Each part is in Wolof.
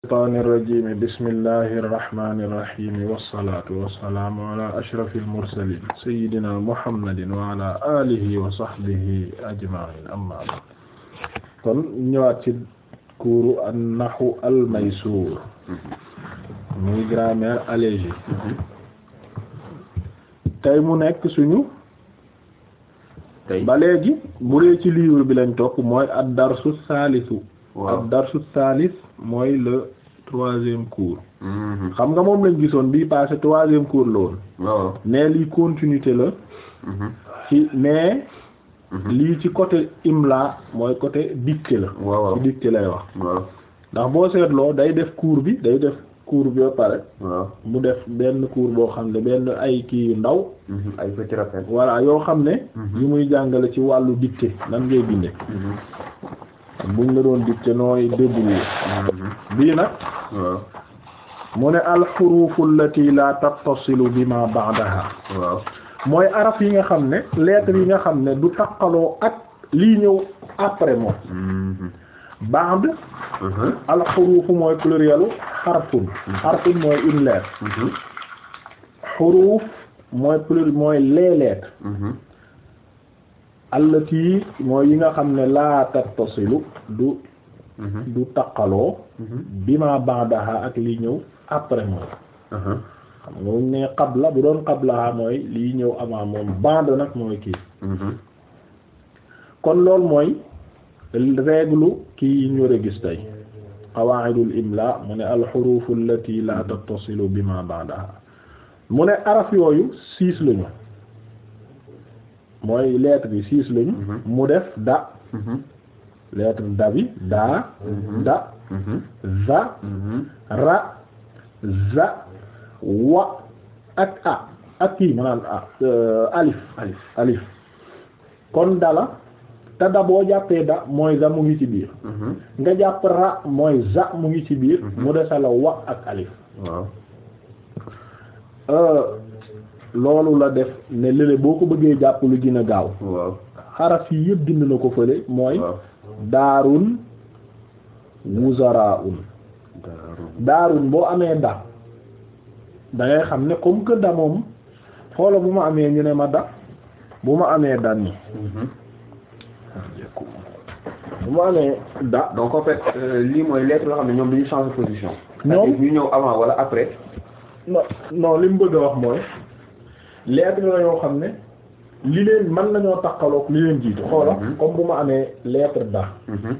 الشيطان الرجيم بسم الله الرحمن الرحيم والصلاة والسلام على أشرف المرسلين سيدنا محمد وعلى آله وصحبه أجمعين أما بعد kon ñëwaat ci kuuru an-nahwu al-maysûr muy grammaire allégée tey mu nekk suñu tey ba léegi bu dee ci livre bi lañ topp mooy ad-darsu saalisu ak darsu thalith mooy le troisième cours mm-hmm. xam nga moom lañ gisoon bii passé troisième cours la woon mais lii continuité la mm-hmm. ci mais mm-hmm. lii ci côté imla mooy côté dictée la ci dictée lay wax ndax boo seetloo day def cours bi day def cours bi ba pare mu def benn cours boo xam ne benn ay kii yu ndaw ay petit rappel yoo xam ne yu muy jàngale ci wàllu dictée nan ngay binde ak buñ la doon dicté nooy débrouiller mm-hmm. bii nag mu ne alxurufu allati la tattasilu bima ba'daha waaw mooy arab yi nga xam ne lettres yi nga xam ne du taqaloo ak lii ñëw après moom mm-hmm. ba'd mm-hmm. alxurufu mooy plurielu xarfun xarfun mooy une lettre xuruf mooy pluriel mooy les lettres allati mooy yi nga xam ne laa tattasilu du mhm. du taqaloo mhm. bi ma ba'daha ak li ñëw après moom uh-huh. xam nga wuñ ne qabla bu doon qablaha mooy li ñëw avant moom ba'da nag mooy kii mhm. kon loolu mooy règle kii yi ñu war a gis tey qawaa'idul imla mu ne alxurufu allati laa tattasilu bi ma ba'daha mu ne araf yooyu six lañu mooy lettre bi six lañu mhm. mu def da mhm. lettre da bi daa da mhm. za ra za wa ak a ak kii maanaam a euh, alif alif alif kon dala te da boo jàppee da mooy za mu ngi ci biir nga jàpp ra mooy za mu ngi ci biir mu desala wa ak alif waaw euh, loolu la def ne lële boo ko bëggee jàpp lu gën a gaaw xaraf yi yëpp dind na ko fële mooy daarun wuzaraun daarun boo amee da dangay xam ne comme que da moom xoola bu ma amee ñu ne ma da bu ma amee da ni mhm. bu ma amee da donc en fait euh, lii mooy lettre yoo xam ne ñoom dañu changer position ñoom ñu ñëw avant wala après non non li mu bëgg a wax mooy lettre la yoo xam ne li leen mën lañoo takkaloog li leen jiitu xoola mhm. comme bu ma amee lettre da mhm.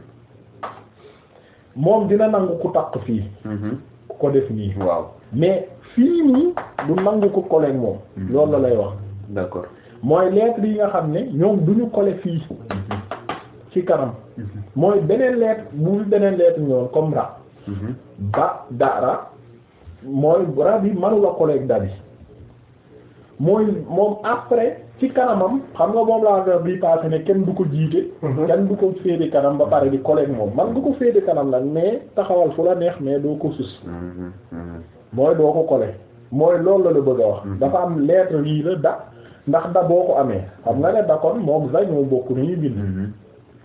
moom dina nangu ku takk fii mhm. ku ko def nii waaw mais fii nii du nangu ko collègue moom loolu la lay wax d'accord mooy lettre yi nga xam ne ñoom duñu collé fii ci kanam mooy beneen lettre bu beneen lettre ñoon comme ra ba da ra mooy ra bi manula collègue da mooy moom après ci kanamam xam nga moom laa nga bii passé ne kenn du ko jiite mhm. kenn du ko féete kanam ba pare di collègue moom man nga ko féete kanam nag mais taxawal fu la neex mais doo ko sus mhm. mooy doo ko kole mooy loolu la la bëgg a wax mhm. dafa am lettre lii la da ndax da boo ko amee xam nga ne da kon moom sax ñoo bokk nu ñuy bind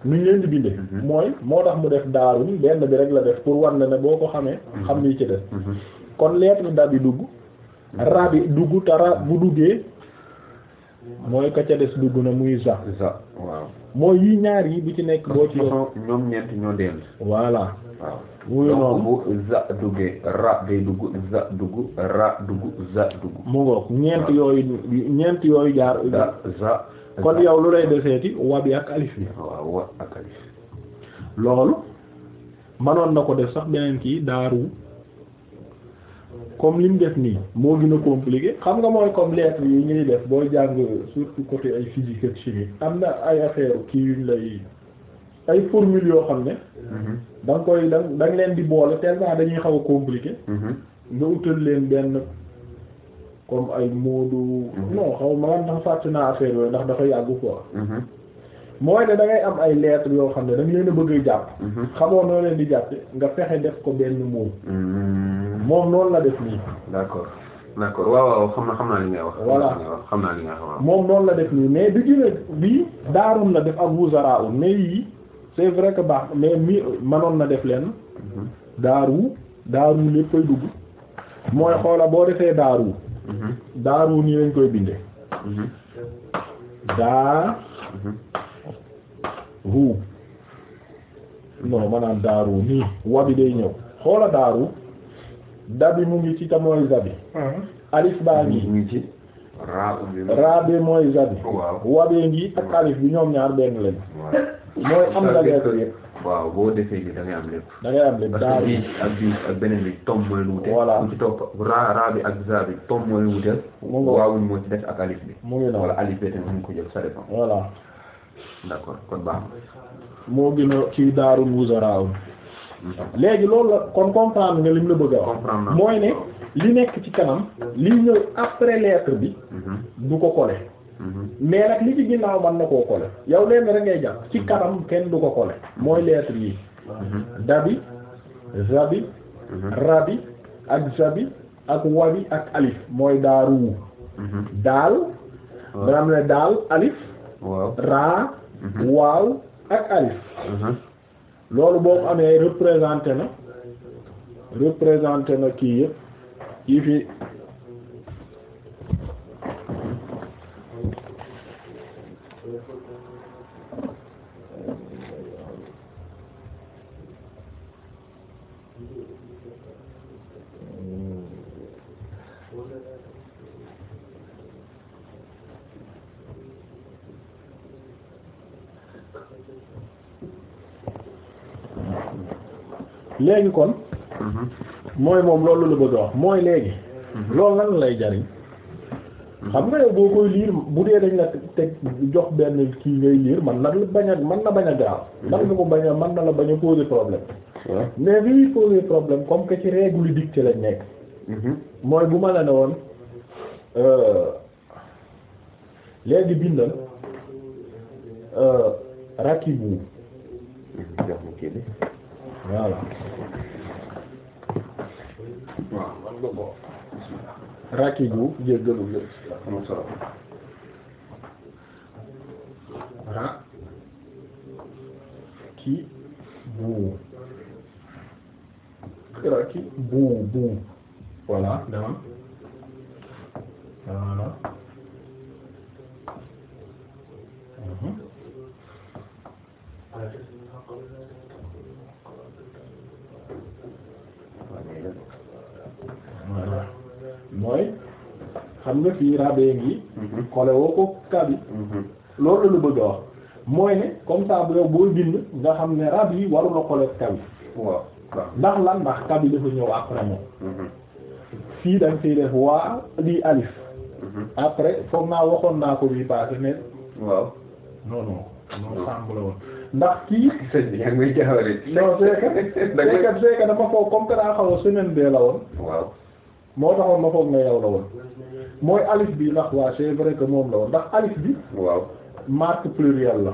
nu ñu leen di mooy moo tax mu def daaruñ benn bi rek la def pour wan na ne boo ko xamee xam ni ci def kon lettre da bi dugg rabi dugg tara bu duggee mooy ka ca des dugg na muy za za mooy yi ñaar yi bu ci nekk boo ci yoon ñoom ñeent ñoo yooyu ñeent yooyu jaar kon yow lu lay deseeti wabi bi ak alif loolu manoon na ko def sax beneen kii daaru comme li mu def nii moo gën a compliqué xam nga mooy comme lettre yi ñuy def booy jàng surtout côté ay physique ak chimie am na ay affaire kii yuñ lay ay formule yoo xam ne mhm. da koy da da leen di boole tellement dañuy xaw a compliqué mhm. nga utal leen benn comme ay moodu mhm. non xaw ma lan tax fàtte naa affaire yooyu ndax dafa yàgg quoi mooy ne da ngay am ay lettres yoo xam ne da nga leen a bëgg a jàpp. Mhm. xamoo noo leen di jàppe nga fexe def ko benn moom. Mhm. moom noonu la def nii. d'accord d'accord waaw xam na xam naa li ngay wax. xam naa moom noonu la def nii mais bi gën a def ak wuzara'un mais yii c'est vrai que baax mais mi manoon na def leen. Mhm. daaru daaru koy dugg. mooy xoola boo defee daaru. daaru nii lañ koy bindee. daa. hu non ma naan daaru nii wabi day ñëw xoola daaru dabi mu ngi ci te mooy zabi uh-huh. alif baa ngi ci bi mooy zabi oh, wabee ngi ak alif bi ñoom ñaar benn lañu mooy am la lettre waaw boo defee nii da ngay am lépp. da am lépp parce ak bii ak beneen bi tom mooy lu wute. voilà ci topp ra ra bi ak za tom mooy lu wute. mu ngi waaw waaw moo ci def ak alif bi. mu ngi noonu wala alif bi tamit ko jël ça d'accord kon baax moo gën a kii daarul wuzaraaw léegi loolu la kon comprendre nga lim la bëgg a wax mooy ne li nekk ci kanam li ñëw après lettre bi mhm. du ko coller mhm. mais nag li ci ginnaaw mën na koo coller yow leen rek ngay jàpp ci mhm. kanam kenn du ko coller mooy lettre yi dabi zabi rabi ak zabi ak wabi ak alif mooy daaru daal banaam daal alif waaw raa mhm. waaw ak alif mhm. loolu boo ko amee représenté na représenté na kii yëpp yi fi léegi kon mhm. mooy moom loolu la bëgg a wax mooy léegi mhm. loolu lan lay jariñ mhm. xam nga yow boo koy liir bu dee dañ la teg jox benn kii ngay liir man na la bañ a man na bañ a gaaw man nga ko bañ a man na la bañ a poser problème mais bi poser problème comme que ci règle dictée lañ nekk mooy bu ma la ne woon euh, léegi bindal euh, rakibu voilà waaw man nga ko rakibu jéggalu jël am solo bu raki bu bu voilà dama voilà mhm. mooy xam nga fii rabee ngi mhm. xole woo ko kabi mhm. loolu la bëgg wax mooy ne comme ça bu boo bind nga xam ne rab yi waru la xole kabi waaw ndax lan ndax kabi dafa ñëw après moom mhm. fii dañ fiy def waa lii alif après foog naa waxoon naa ko bii passé ne waaw non non non la woon ndax kii sëñ bi yaa ngi jaawale non c'est que dama foofu comme que daa xaw semaine bee la woon moo taxoon ma foog ne yow la woon mooy alif bi ndax waa c'est vrai que moom la woon ndax alif bi. waaw marque pluriel la.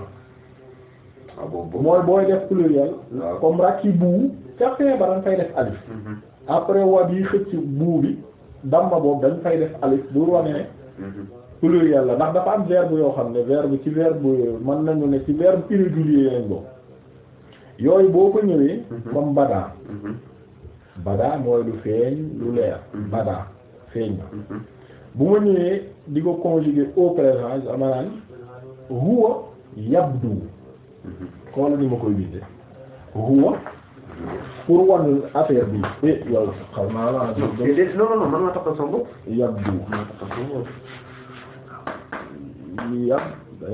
ah mooy booy def pluriel. comme rakibu ca feebar dañ fay def alif. Mm-hmm. après waa bii xëcc buu bi damma boobu dañ fay def alif bu wane mm-hmm. pluriel la ndax dafa am verbe yoo xam ne verbe ci verbe mën nañu ne ci verbe irrégulier lañ ko yooyu boo ñëwee. Mm-hmm. comme badaa. badaa mooy lu feeñ lu leer mm-hmm. badaa feeñ na mm-hmm. bu ma ñëwee di ko conjuguer au présent dama naan huwa yabdu mm-hmm. xoolal ni ma koy bindee huwa pour wan affaire bi eh yow yab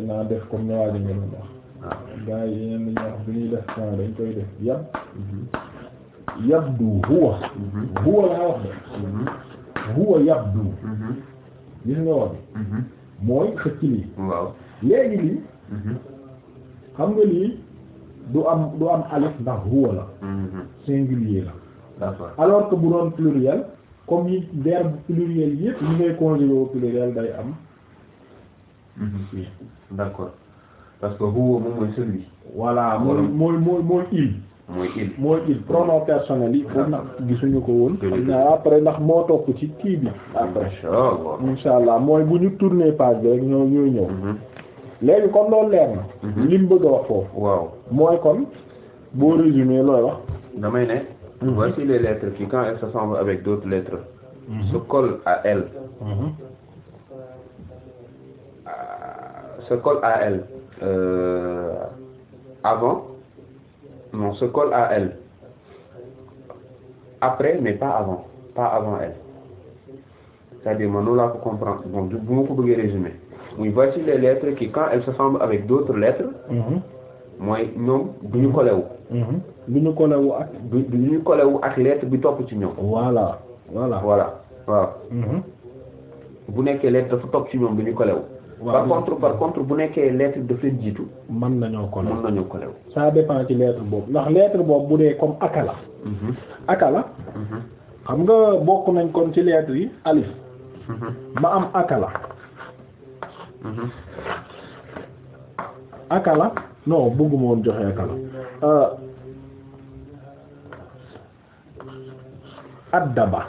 naa def comme ni nga doon wax. waaw ah. gars yi bu ñuy def temps dañ koy def yab. yabdu huwa mm-hmm. huwa laa wax de mm-hmm. huwa yabdu mm-hmm. gis nga wax mooy xëcc lii waaw léegi lii xam nga lii du am du am alif ndax huwa la singulier la alors que bu doon pluriel comme yi verbe pluriel yëpp ñu ngay conjugué pluriel day am d'accord parce que huwa moom mooy celui voilà mooy mooy mooy il mooy il mooy personnel yi foofu nag gisuñu ko woon xam après ndax moo topp ci kii bi après insha allah mooy bu ñu tourner page bi rek ñoo ñooy ñëw mhm. léegi kon loolu leer na mhm. li mu bëgg a wax foofu waaw mooy kon boo résumer looy wax damay ne mhm. voici les lettres qui quand elles se avec d'autres lettres se collent à elles euh, se collent euh, avant non se colle à elle après mais pas avant pas avant elle c'est-à-dire man noonu laa ko comprendre bon bu ma ko bëggee résumer muy voici les lettres qui quand se semblent avec d'autres lettres mm-hmm. mooy ñoom du ñu collé wu mm-hmm. du ñu collé wu ak du ak lettre bi topp ci ñoom voilà voilà voilà waaw mm-hmm. bu nekkee lettre dafa topp ci ñoom du ñu w par contre bu nekkee lettre daf jiitu. mën nañoo ko lew mën nañoo ko lew ça dépend ci lettre boobu ndax lettre boobu bu dee comme akala. Mhm. akala. Mhm. xam nga bokk nañ kon ci lettre yi alif. Mhm. ma am akala. akala non bëgguma woon joxe akala. Euh, addaba.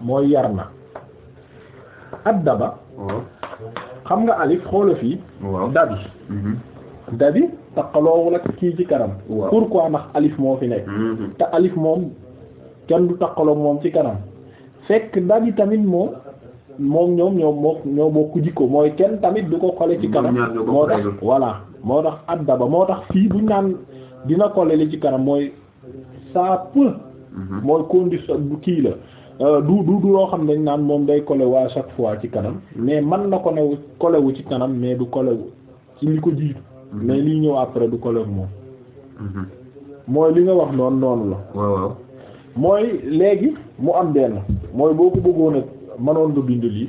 mooy yar na. addaba. xam nga alif xoola fii dabi mhm. dabi taqaloowul ak kii ci kanam pourquoi ndax alif moo fi nekk mhm. te alif moom kenn du taqaloo moom ci kanam fekk dabi tamit moom moom ñoom ñoo moo ñoo bokk jikko mooy kenn tamit du ko xole ci kanam moo tax voilà moo tax addaba moo tax fii buñ naan dina xole li ci kanam mooy ça peut mhm. mooy condition bu kii la Euh, du du du loo xam ne dañ naan moom day kolewu à chaque fois ci kanam mais man na ko new wu ci kanam mais du kolewu ci li ko jiitu mhm. mais liy ñëw après du kolewu moom mhm. mooy li nga wax noonu noonu la mooy léegi mu am benn mooy boo ko bëggoon a mënoon nga bind lii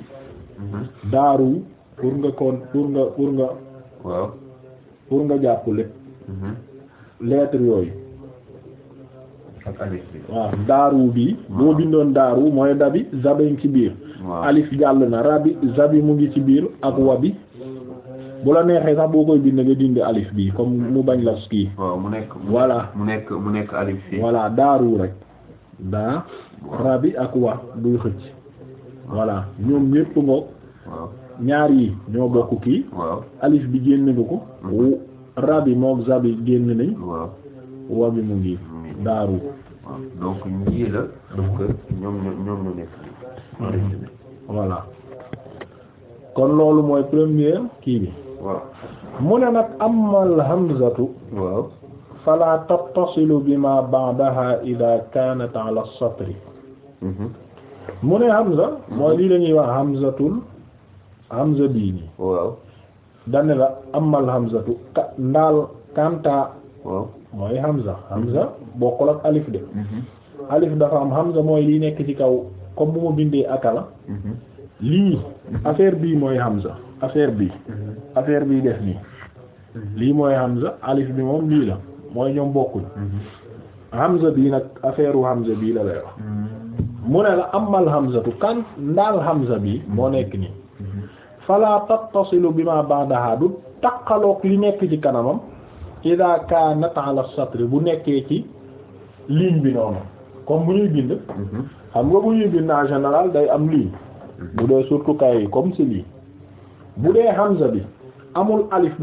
mhm. daaru pour nga kon pour nga pour nga waaw pour nga jàpp lépp lettre yooyu ak bi daaru bi boo bindoon daaru mooy dabi zabi ci biir alif jàll na rabi zabi mu ngi ci biir ak wabi bu la neexee sax boo koy bind nga dindi alif bi comme mu bañ la kii waaw nekk voilà nekk mu daaru rek daa rabi ak wa duy xëcc voilà ñoom ñépp ngoog ñaar yi ñoo bokk kii alif bi génn nga ko mm-hmm. rabi mook zabi génn nañ wa bi mu ngi daaru donc kon loolu mooy première kii bi waaw mu ne nag amal hamzatu waaw fala tattasilu bima ba'daha ida kanat ala satri mhm. mu ne hamza mooy lii lañuy wax hamzatul hamza bii waaw dane la amal hamzatu ka ndaal kanta waaw mooy Hamza Hamza bokkul ak alif de. alif dafa am Hamza mooy li nekk ci kaw comme bu ma bindee akala. lii affaire bii mooy Hamza affaire bii. affaire bii def nii. lii mooy Hamza alif bi moom lii la mooy ñoom bokkuñ. Hamza bii nag affaire wu Hamza bii la lay wax. mu ne la amal Hamzatu kan ndaal Hamza bii moo nekk nii. fala tattasilu bima ba'daha du takkaloog li nekk ci kanamam. ida kaanat ala satri bu nekkee ci ligne bi noonu comme bu ñuy bind mhm. xam nga bu ñuy bind en général day am ligne mhm. bu dee surtout comme si lii bu dee hamza bi amul alif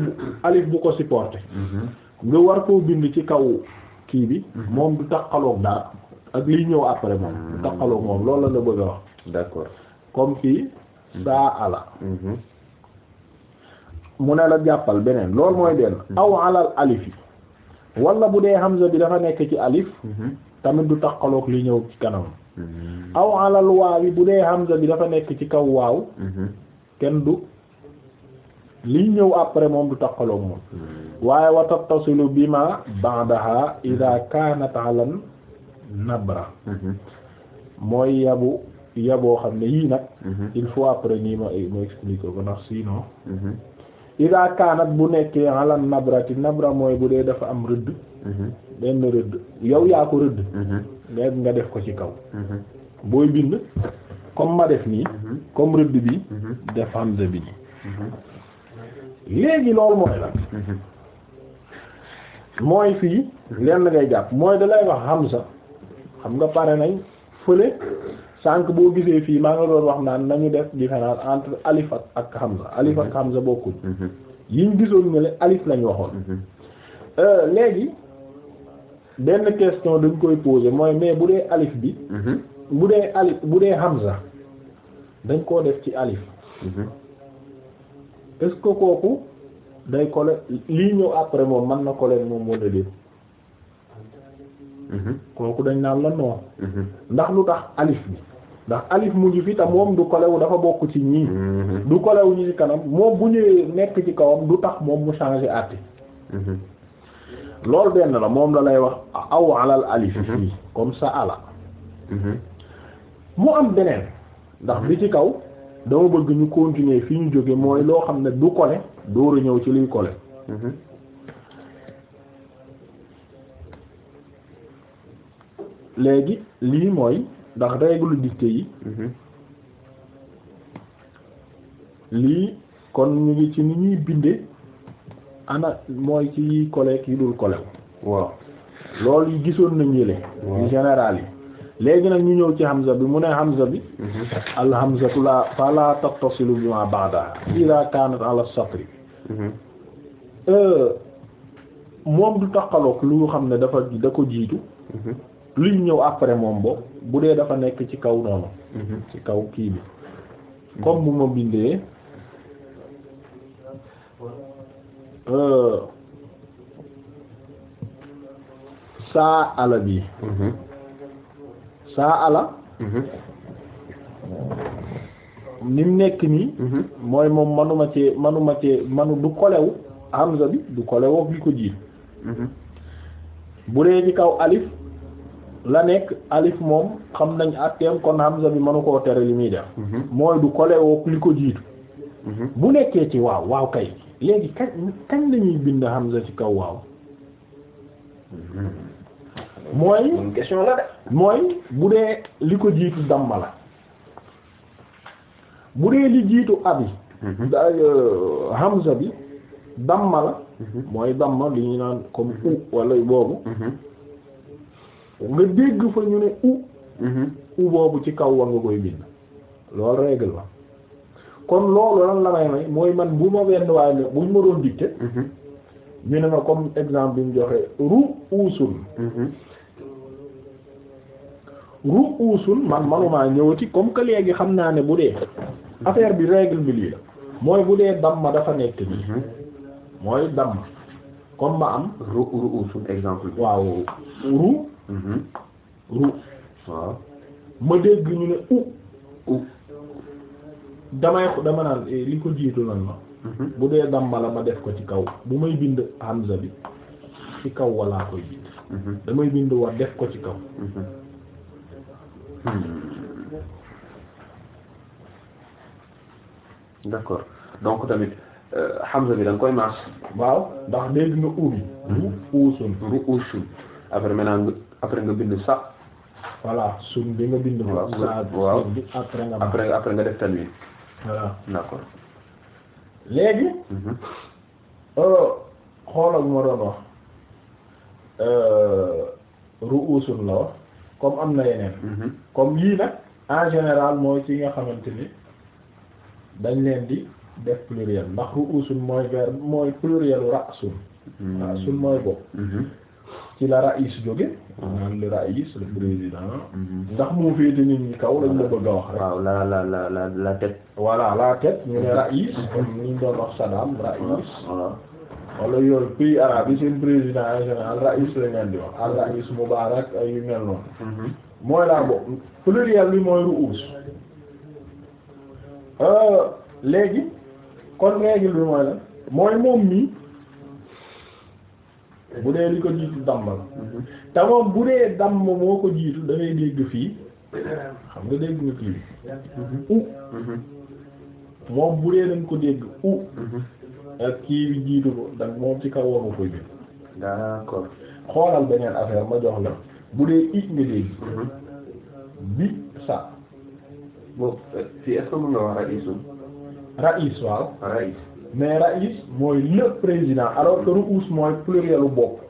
alif bu ko supporté mhm. nga war koo bind ci kaw kii bi moom du taqaloog dara ak liy ñëw après moom du taqaloog moom loolu la la bëgg a wax comme kii saa ala mu ne la jàppal beneen lool mooy benn mm-hmm. aw alal alif yi wala bu dee hamza bi dafa nekk ci alif mm-hmm. tamit du takkaloog li ñëw ci kanam mm-hmm. aw alal waaw yi bu dee hamza bi dafa nekk ci kaw waaw kenn du li ñëw après moom du takkaloog moom waaye wa tattasilu bima ba'daha idha kanat alan nabra mooy yabu yaboo xam ne yii nag il faut après nii ma expliquer ko ndax sinon ida bu nekkee ala nabrati nabra mooy bu dee dafa am rëdd mhm. benn rëdd yow yaa ko rëdd mhm. nga def ko ci kaw mhm. booy bind comme ma def nii comme rëdd bi def hamza bi nii léegi loolu mooy la mooy fii lenn ngay jàpp mooy da lay wax hamza xam nga pare nañ fële sànq boo gisee fii maa nga doon wax naan nañu def différence entre alif ak hamza alif ak mhm. hamza bokkuñ mhm. yiñ gisoon ne alif lañ waxoon mhm. euh, léegi benn question dañ koy poser mooy mais bu dee alif bi bu dee alif bu dee hamza dañ koo def ci alif est kooku day coller lii ñëw après moom man na coller moom wala déet Mhm. kooku dañ naan la non mhm. ndax lu tax alif bi ndax alif mu ngi moom du kolewu dafa bokk ci ñii mhm. du kolewu ñi ci kanam moom bu ñëwee nekk ci kawam du tax moom mu changer àtte loolu benn la moom la lay wax aw alal alif fii comme sa ala mu am beneen ndax bi ci kaw dama bëgg ñu continuer fi ñu jóge mooy loo xam ne du kole dóor a ñëw ci liy kole léegi lii mooy ndax règle dictée yi mhm. lii kon ñu ngi ci ni ñuy binde ana mooy ci collègue yi dul collègue waaw loolu yi gisoon na yële ci général yi léegi nag ñu ñëw ci hamza bi mu ne hamza bi mhm. al hamzatu la fala tattasilu bima ba'da ila kanat ala mhm. euh, moom du takkaloog lu xam ne dafa da ko jiitu luy ñëw après moom bo bu dee dafa nekk ci kaw noonu mhm. ci kaw kii bi comme bu ma bindee euh, saa ala bi mhm. saa ala mhm. ni nekk nii mooy moom manuma ci manuma ci manu du kolewu hamza bi du kolewook bi ko jiit bu dee ci kaw alif la nekk alif moom xam nañ atteem kon hamza bi mënu koo tere li muy def mhm. mooy du kole woog li ko jiitu mhm. bu nekkee ci waaw waaw kay léegi kañ kañ lañuy bind hamza ci kaw waaw mhm. mooy question la mooy bu dee li ko jiitu damma la bu dee li jiitu abi da euh, hamza bi damma la mooy damma li ñu naan comme u wala boobu nga dégg fa ñu ne u mhm. u boobu ci kaw war nga koy bind loolu règle la kon loolu lan la may mooy man bu ma wenn waaye ne ma doon mhm. ñu ne ma comme exemple bi mu joxe ru uusun mhm. ru uusun man manumaa ñëwati comme que léegi xam naa ne bu dee affaire bi règle bi lii la mooy bu dee damma dafa nekk nii mooy damma comme ma am ru ru uusun exemple waaw ru ru mhm. waaw ma dégg ñu ne u u damay dama naan eh, li ko jiitu lan la mhm. bu dee damma la ma def ko ci kaw bu may bind hamza bi ci kaw walaa koy bind mhm. damay bind war def ko ci kaw hmm. d'accord donc tamit euh, hamza bi da koy maas waaw ndax dégg nga u bi ru uusun après maintenant après nga bind sa voilà suun bi nga bind waaw waaw après nga après après nga def tanwin voilà léegi mhm. euh, xoolal ma doon wax euh, ru'usun la wax comme am na yeneen mhm. comme yii nag en général mooy ci nga xamante ni dañ leen di def pluriel ndax ru'usun mooy verbe mooy plurielu ra'sun mhm. ra'sun mooy bopp ci la raïs jóge mhm. ndax moo féete nit ñi kaw lañ la bëgg a wax waaw la la la la la tête voilà la tête ñu ne mhm. raïs comme niñ doon wax Saddam raïs wala yooyu pays arabe yi seen président en général raïs la ngeen di wax mhm. al raïs Moubarak ay mel noonu mooy laa bo pluriel bi mooy ruus euh, léegi kon règle bi mooy la mooy moom bu dee ni ko jiitu damm la bu dee damm moo ko jiitu da ngay dégg fii xam nga dégg nga fii u moom bu dee dañ ko dégg u kii jiitu ko ndax moom ci kaw waru ko jël d'accord xoolal beneen affaire ma jox la bu dee it nga dégg mhm. bi sa boobu fii est-ce que mën wax raïs ra- waaw raïs mais raïs mooy le président alors que ruus mooy plurielu bopp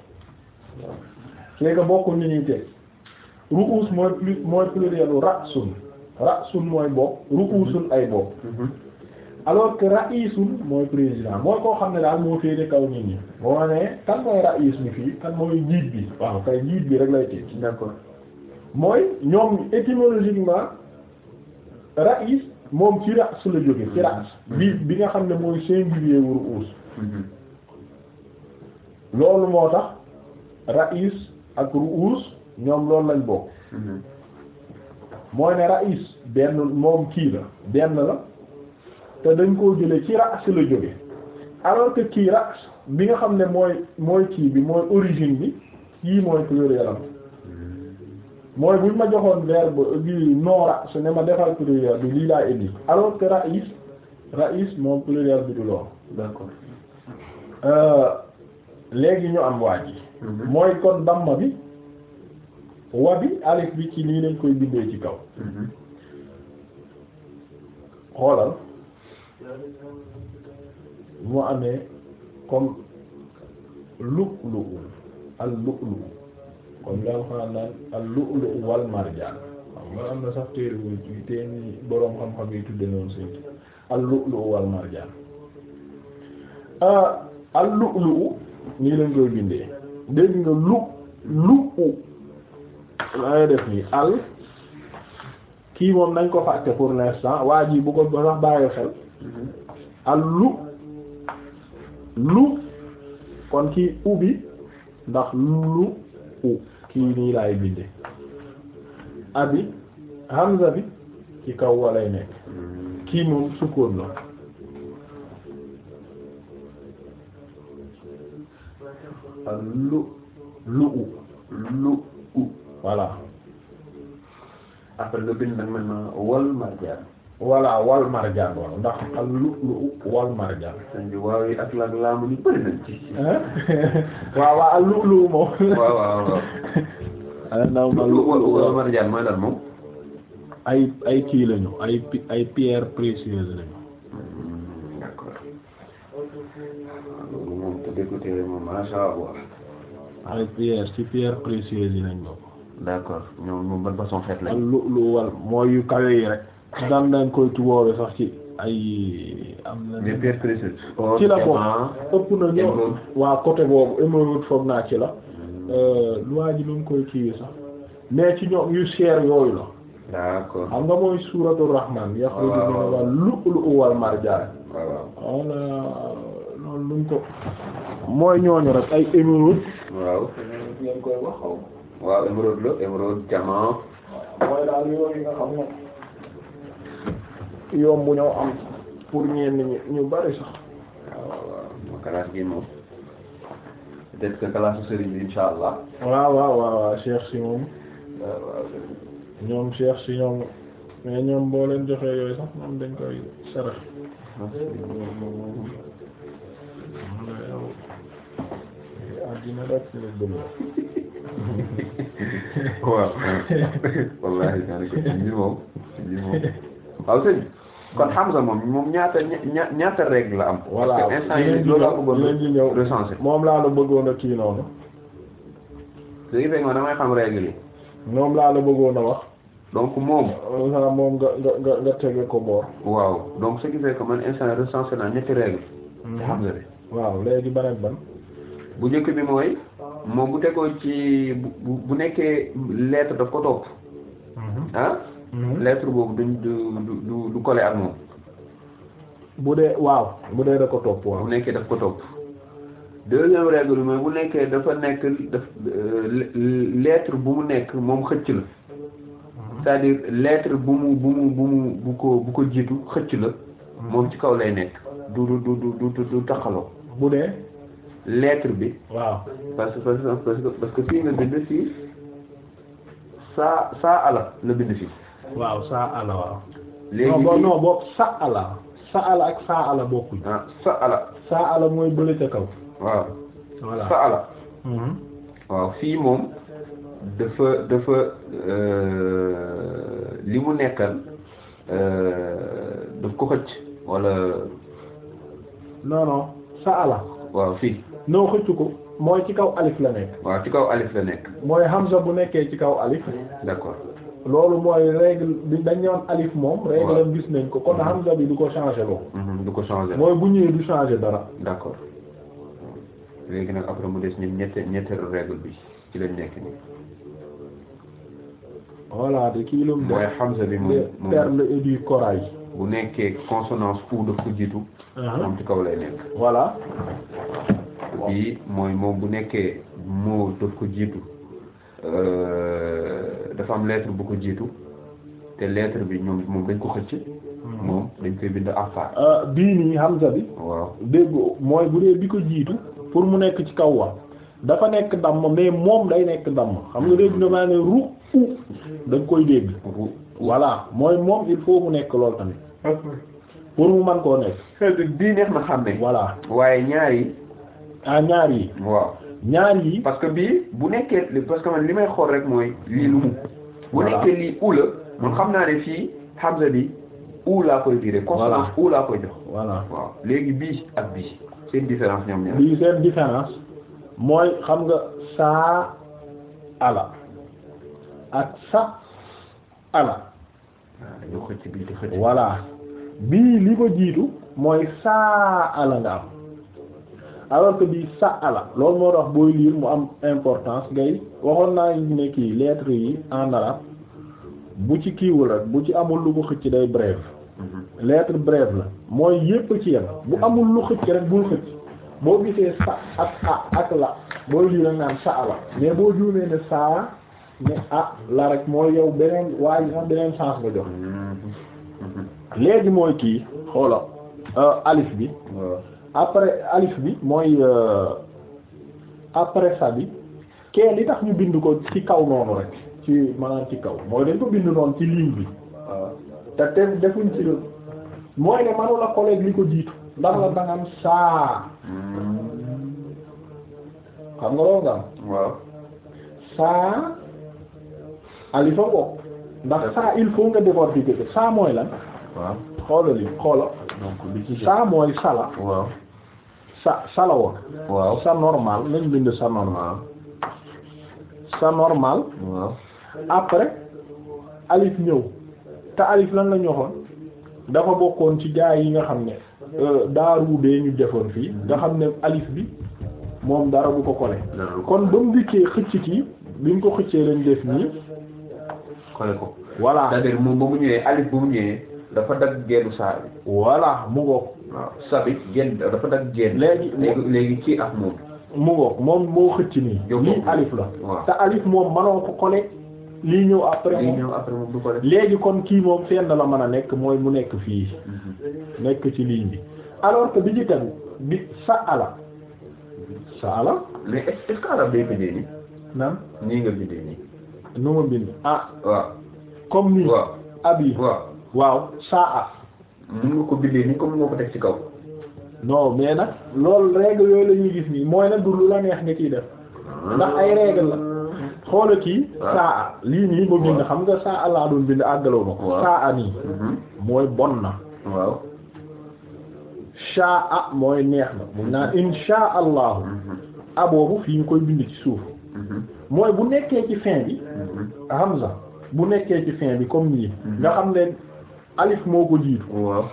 c'est que bokku ni ñuy teg ruus mooy plurielu rasun rasun mooy bopp ruusun ay bopp mhm. alors que raïsun mooy président mooy koo xam ne daal moo féete kaw nit ñi boo ma nee kan mooy raïs mi fii kan mooy jiit bi waaw kay jiit bi rek lay teg d'accord mooy ñoom étymologiquement raïs moom ci raas la jóge ci raas bi bi nga xam ne mooy singulier wu ruus loolu moo tax raïs ak ruus ñoom loolu lañ bokk mooy ne raïs benn moom kii la benn la te dañ koo jëlee ci raas la jóge alors que kii raas bi nga xam ne mooy mooy kii bi mooy origine bi kii mooy pluriel am mooy buñ ma joxoon verbe bi noora su ne ma defal pluriel bi lii laa indi alors que moom pluriel bi du lool d'accord euh, léegi ñu waaj mhm. mooy kon damma bi wa bi alif bi ci nii lañ koy bindee ci kaw mhm. xoolal mu amee comme lu'lu'u al lu'lu'u comme li alxuraan naan al am na sax téere bu ci teen boroom xam-xam yi tudde noonu seet al-lu'lu' wal marjaan al-lu'lu' ah, nii lañ koy bindee dégg nga lu lu lay def nii al kii moom nañ ko fàtte pour l'instant waa ji bu ko ba sax bàyyi xel al lu lu kon kii ubi ndax lu u kii nii laay binde abi hamza bi kaw walay nekk kii moom sukkoon la lu lu lu u voilà après nag man ma wal marjaan walla wal marjaan walla wal marjaan. sëñ waaw al lu'lu moom. waaw waaw waaw. wal marjaan mooy lan moom. ay ay kii lañu ay ay pierres précieuses lañu. Hmm, d'accord. loolu ah, moom te dégoûté moom masha Allah. ay pierres ci pierres précieuses yi lañ bokk. d'accord ñoom moom ban façon xeet lañ. al lu'lu yi rek. daan dañ koy woowe sax ci ay am na oh, ci la bokk ëpp na ñoo waa côté boobu émeraude foog naa ci la euh, luwaa ji lu koy kiiwi sax mais ci ñoom yu seer yooyu la d'accord xam nga mooy suuratul rahmaan yaxruju minhu al-lu'lu'u wal marjaan wala loolu luñ ko mooy ñooñu rek ay émeraude waaw ngeen la émeraude diamant mooy daal yooyu nga xam ne yomb ñoo am pour ñenn ñi ñu bari sax waaw waaw classe gi moom peut-être que classe sëriñ bi insha allah waaw waaw waaw cheikh si moom ñoom cheikh si ñoom mais ñoom boo leen joxee yooyu sax ñoom dañ koy sarax addina dak sina dël waaw wallahi daanaka ñi moom kon Hamza moom moom ñaata ña ñaata règle la am. voilà parce que instant yii laa ko bëggoon moom laa la bëggoon kii noonu. su fekk ma damay xam règle yi. moom laa la bëggoon a wax. donc moom. moom nga nga nga tege ko boor. waaw donc ce qui fait man instant yii naa ñetti règle. ci Hamza bi. waaw léegi ban ak ban. bu njëkk bi mooy. moom bu tegoo ci bu bu nekkee lettre daf ko topp. Hmm. ah. Hmm? lettre boobu duñ du du du collé ak moom. bu dee waaw bu dee da ko topp waaw. bu nekkee daf ko topp. deuxième règle mooy bu nekkee dafa nekk daf euh, lettre bu mu nekk moom xëcc la. Hmm. c'est-à-dire bu mu bu mu bu ko ko jiitu xëcc la. Hmm. moom ci kaw lay nekk. du du du du du du bu dee. lettre bi. waaw parce que parce que parce que fii nga bind fii saa saa ala la bind fii. waaw saa ala waaw. léegi non non boog sa ala sa ala ak saa ala bokkuñ. ah sa ala. saa ala mooy bële ca kaw. waaw. voilà sa ala. Mhm. waaw fii moom dafa dafa euh, li mu nekkal euh, daf ko xëcc wala. non non sa ala. waaw fii. noo xëccu ko. mooy ci kaw alif la nekk. waaw ci kaw alif la nekk. mooy hamza bu nekkee ci kaw alif. d'accord. loolu mooy règle bi dañu ñëwoon alif moom. règle gis nañ ko kon mhm. hamza bi du ko changer loolu. Mhm, du ko changer mooy bu ñëwee du changer dara. d'accord léegi nag après mu des ñun ñette ñetteelu règle bi ci lañ nekk nii. voilà de kii la mu. mooy hamza bi moom moom bu nekkee consonance fu daf ko jiitu. Uh-huh. moom ci kaw lay nekk. voilà. bii mooy moom bu nekkee moo daf ko jiitu. Euh, dafa am lettre bu ko jiitu te lettre bi ñoom moom dañ ko xëcc. Hmm. moom dañ koy bind affaire. Ah, bii Hamza bi. waaw dégg mooy bu dee bi ko jiitu pour mu nekk ci kaw wa dafa nekk damm mais moom day nekk damm xam nga dégg nga ne ru dañ koy dégg. voilà mooy moom il faut mu nekk lool tamit. pour mu mën koo nekk. bii neex na xam ne. voilà waaye ñaar yi. ah ñaar yi. waaw. ñaar yii parce que bii bu nekkee parce que man li may xool rek mooy lii lu mu bu nekkee lii ula man xam naa ne fii hamza bi ulaa koy viré consonance ulaa koy jox voilà waaw léegi bii ak bii seen différence ñoom ñaar bii seen différence mooy xam nga saa ala ak sa ala ah, dañu bii li ko jiitu mooy saa ala nga am alors bi bii sa'ala loolu moo tax booy lire mu am importance ngay waxoon naa ne kii lettres yi en arabe bu ci kiiwul rek bu ci amul lu ko xëcc day brève mhm. lettre brève la mooy yépp ci yem bu mhm. amul lu xëcc rek bul xëcc boo gisee sa ak a ak la booy lire rek naan sa'ala mais boo juumee ne saa ne ah la rek mooy yow beneen waaye sax beneen sens nga jox mhm. léegi mooy kii xoola euh, alif bi après alif bi mooy euh, après ça bi kee li tax ñu bind ko ci kaw noonu rek ci maanaam ci kaw mooy dañ ko bind noonu ci ligne bi waaw te te defuñ ci ne manu la collègue li ko jiitu ndax la da nga am saa hmm. xam nga loolu saa alifa bopp ndax saa il faut nga décortiquer saa mooy lan waaw xoolal yi xoolal saa mooy sala sa sa la woon waaw sa normal nañ bind sa normal sa normal waaw après alif ñëw te alif la ñu waxoon dafa bokkoon ci gaa yi nga xam ne euh, daaru bee ñu defoon fii mm-hmm. nga xam ne alif bi moom dara bu ko kole kon ba mu dikkee xëcc ci bi ñu ko xëccee lañ def nii kole ko voilà moom ba mu ñëwee alif bu mu ñëwee dafa dagg geenu saa bi mu ngoog waaw sabit génn dafa dag génn. léegi léegi kii ak moom. mu ngoog moom moo xëcc nii. lii alif la. te alif moom manoo ko kole lii ñëw après lii ñëw après moom du ko def. léegi kon kii moom fenn la mën a nekk mooy mu nekk fii. Mhm. nekk ci ligne bi. alors que bi ci tegu bi sa'ala. sa'ala. mais est-ce que arab day bindee nii. naam nii nga bindee nii. nu ma bind ah. waaw. comme nii. waaw abi waaw waaw saa. mun nga ko bindee ni ko mun nga ko teg ci kaw. no mais nag loolu règle yooyu la gis nii mooy nag du la neex nga kii def ndax ay règle la xoola kii ah. saa lii nii ma bind xam nga saa laa doon bind àggaloo ko saa nii mm-hmm. mooy bon na waaw shaa mooy neex na mu naan mm-hmm. insha allahu mm-hmm. aboobu fii nga koy bind ci suuf mooy bu nekkee ci fin bi hamza bu nekkee ci fin bi comme nii nga xam ne alif moo ko jiitu waaw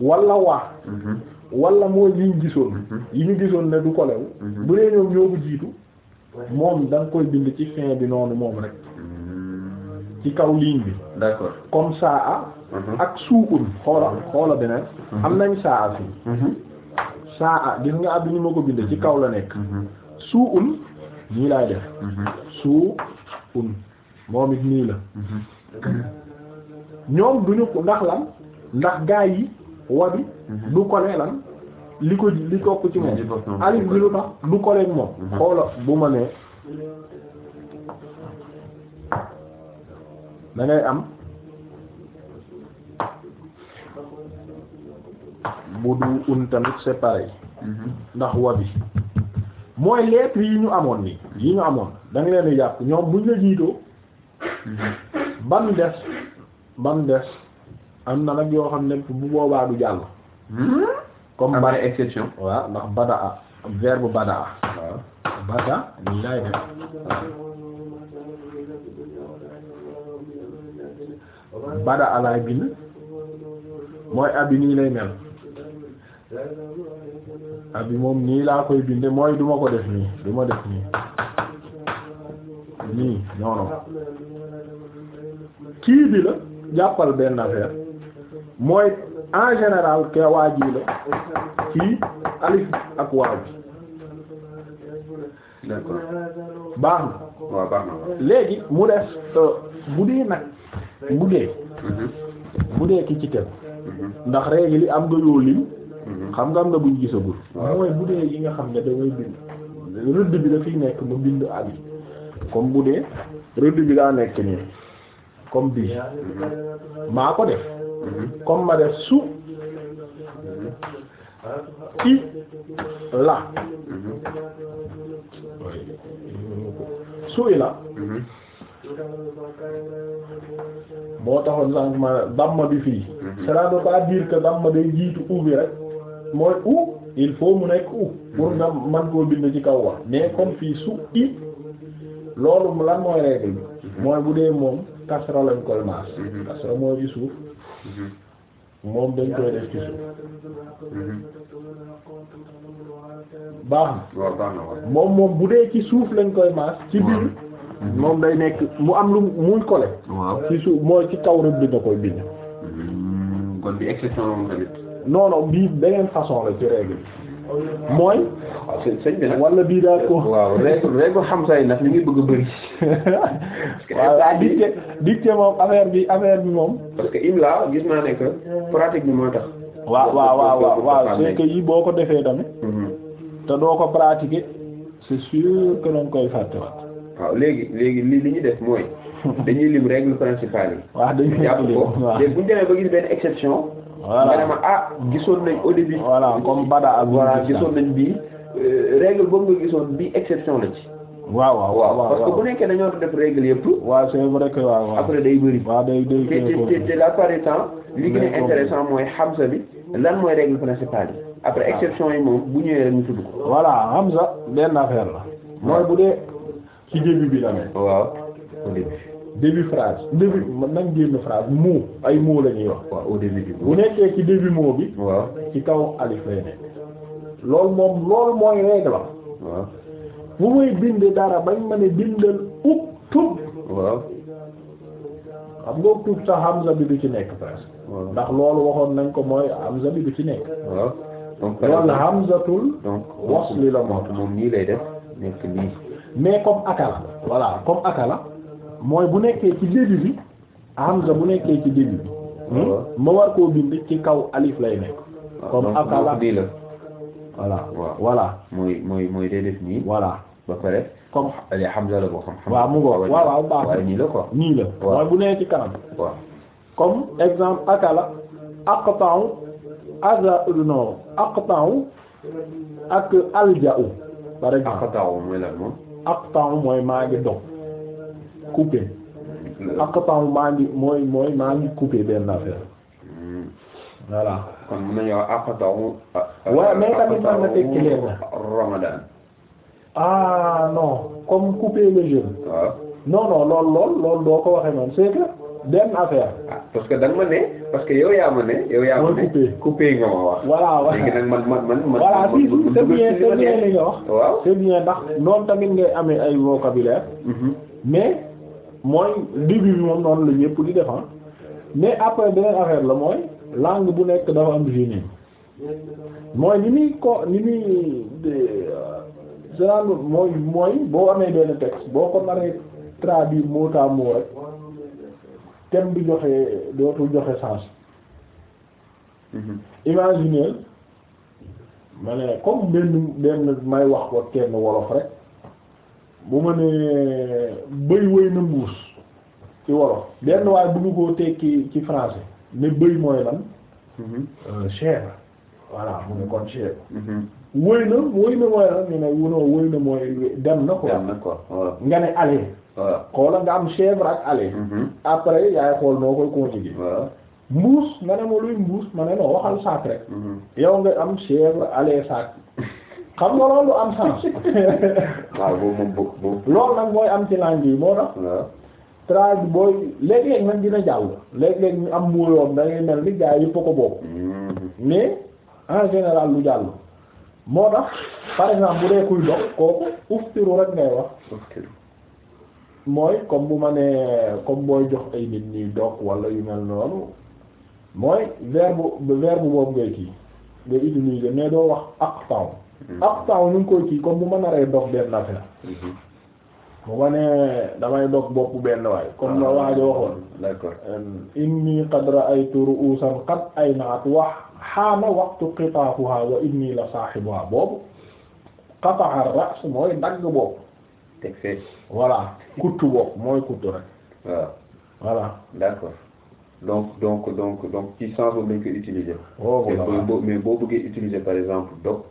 wala waa mhm. wala mooy yi ñu gisoon mhm. yi ñu gisoon ne du ko lew mhm. bu dee ñoom ñoo ko jiitu moom da koy bind ci fin bi noonu moom rek ci kaw ligne bi d'accord comme saa ak suukun xoola xoola beneen am nañ saa fii saa gis nga ab ni ma ko bindee ci kaw la nekk suun nii laay def suun moom it nii la ñoom duñu ko ndax lan ndax gaa yi wabi mhm. du kole lan li ko li topp ci moom alif bi lu tax du koleeg moom mhm. xoola bu ma nee da ngay am bu du un tamit c'est pareil mhm. ndax wabi mooy lettres yi ñu amoon ni yi ñu amoon danga leen di yàpp ñoom buñ la jiitoo ban des ba mu des am na nag yoo xam ne bu boobaa du jàll. comme bari exception. waaw ndax badaa verbe badaa. waaw badaa li lay def. badaa laay bind mooy abi nii lay mel. abi moom nii laa koy binde mooy duma ko def nii duma def nii nii kii bi la. jàppal benn affaire mooy en général ke waa la ci alif ak waaw d'accord baax na léegi mu des euh, bu dee nag bu dee mhm. bu ki ci tegu mhm. ndax réegi li am nga yoo lim mhm. xam nga am na buñ gisagul mooy bu dee yi nga xam ne dangay bind rëdd bi dafiy nekk mu bind abi comme bu dee rëdd bi daa nekk nii comme bii maa ko def comme ma def su i la su i la moo taxoon sànq ma damma bi fii cela veut pas dire que damma day jiitu u rek mooy u il faut mu nekk u pour nga man koo bind ci kaw wax mais comme fii su i loolu lan mooy règle mooy bu dee moom kasra lañ koy maas kasra moo ci suuf mhm. moom dañ koy def ci suuf mhm. baax moom moom bu dee ci suuf lañ koy maas ci biir moom day nekk mu am lu muy kole ci suuf mooy ci kaw rëbb na koy bind mhm. kon bi exception moom façon la ci règle mooy. sëñ bi nag wala bii daal ko. waaw rek rek Hamza yi nag ñu ngi bëgg a bëri. voilà dictée dictée moom affaire bi affaire bi moom. parce que imla gis naa ne que pratique bi moo tax. waaw waaw waaw waaw c'est que yi boo ko defee tamit. Mm-hmm. te doo ko pratiquer c'est sûr que noonu koy fàttewaat. waaw léegi léegi li li ñu def mooy dañuy lim règle principale yi. waaw dañuy lim waaw jàpp demee ba gis benn exception. nga a ah, gisoon nañ au début. voilà comme Bada ak. gisoon nañ bii euh, règle boobu nga gisoon bii exception la ci. waaw waaw waaw parce que bu nekkee dañoo def règle yëpp. waaw c'est vrai que waaw waaw. après day bëri. waaw day day te te la part li gën a intéressant mooy Hamza bi lan mooy règle principale yi. après ah. exception yi moom bu ñëwee rek ñu tudd ko. voilà Hamza benn affaire la. mooy bu dee ci début bi la ne. waaw début phrase début man nañ génn phrase mot ay mot la wax quoi au début bi bu nekkee ci début mot bi waaw ci kaw alif lay nekk loolu moom loolu mooy règle bu muy bind dara bañ ma ne bindal uktub waaw xam nga uktub sax hamza bi du ci nekk presque ndax loolu waxoon nañ ko mooy hamza bi du ci nekk waaw donc hamzatul donc wasli la moom moom nii lay def nekk nii mais comme akala voilà comme akala mooy bu nekkee ci début bi hamza bu nekkee ci début bi hmm? ma war koo bind ci kaw alif lay nekk comme akala bi la voilà voilà mooy mooy mooy day def nii voilà ba pare comme ali hamza la boo xam waaw mu ngoo waaw waaw baax nii la quoi nii la mooy bu nee ci kanam waaw comme exemple akala aqta'u aza non aqta'u ak alja'u par exemple aqta'u mooy lan moom aqta'u mooy maa ngi coupé aqta'u maa ngi mooy mooy maa ngi coupé benn affaire voilà kon mën nañu wax aqta'u waaw ah non comme couper le jeûne non non lool lool lool doo ko waxee noonu c'est que benn affaire ah, parce que da nga ma ne parce que yow yaa ma ne yow yaa ma ne coupé coupé nga ma wax voilà léegi nag man man man voilà si c'est bien c'est bien li nga wax waaw c'est bien ndax noonu tamit ngay amee ay vocabulaire mhm. mais mooy début bi moom noonu la ñëpp di def ah. mais après beneen affaire la mooy langue bu nekk dafa am génie mooy ni muy ko ni muy euh, gérant mooy mooy boo amee benn texte boo ko naree traduire mot à rek thème bi joxe dootul joxe sens. Mhm. imaginer ma ne comme benn benn may wax ko kenn wolof rek. bu ma nee bëy wëy na mbuus ci wolof benn waaye bëgg koo tekki ci français ne bëy mooy lan mhm. euh, chèvre voilà mu ne kon chèvre mhm. wëy na wëy na mooy lan ñu ne wunoo wëy mooy dem na quoi nga ne ale xoola nga am chèvre ak ale mhm. après yaay xool noo koy conjuguer mbuus nga ne ma luy mbuus ma ne noo waxal sac rek yow nga am chèvre ale sac xam nga loolu am sens waaw boobu moom boobu boobu nag mooy am ci langue yi moo tax tra booy léeg-léeg nag dina jàll léeg-léeg ñu am muoloom da ngay mel ni gaa yëpp a ko bokk mm-hmm. mais en général lu jàll moo tax par exemple bu dee kuy kooku uftiru rek ngay wax mooy comme bu ma nee comme booy jox ay nit ñuy dog wala yu mel noonu mooy verbe verbe boobu ngay kii ngay utiliser mais doo wax ak temps ab taw ñu ngi koy kii comme bu ma naree dox benn nafila bu mhm. ma nee damay dox bopp benn waay comme la ah. waajo waxoon d'accord inni qad ra'aytu ru'usan qad ayna'at wa haana waqtu qita'uha wa inni la saahibuha boobu qata'a ar mooy dagg bopp teg fee voilà kuttu bopp mooy kuttu rek waaw ah. voilà donc donc donc donc ci sens boobu lañ koy utiliser oh, mais boo bëggee utiliser par exemple dog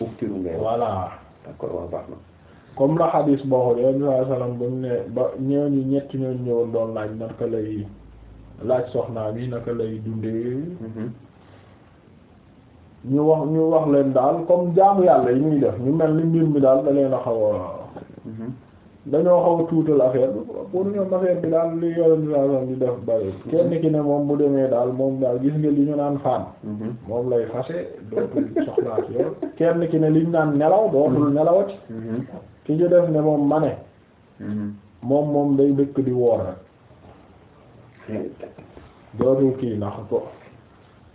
uftiru voilà d'accord na comme la xadis boo xoolee bi sallallahu alayhi ba mu ne ba ñooñu ñetti ñooñu doon laaj naka lay laaj soxnaam yi naka lay dundee mhm. ñu wax ñu wax leen daal comme jaamu yàlla yi muy def ñu mel ni mbir mi daal da leen a xaw mhm. dañoo xaw a tuutal affaire bi pour ñoom affaire bi daal li yorendilason di def bëri kenn ki ne moom bu demee daal moom daal gis nga li ñu naan faan mhm. moom lay fase dootul soxlaat yoon kenn ki ne li naan nelaw dootul mhm. nelawati mhm. ki ñu def ne moom ma ne moom moom day dëkk di woor rek dootul kii nax ko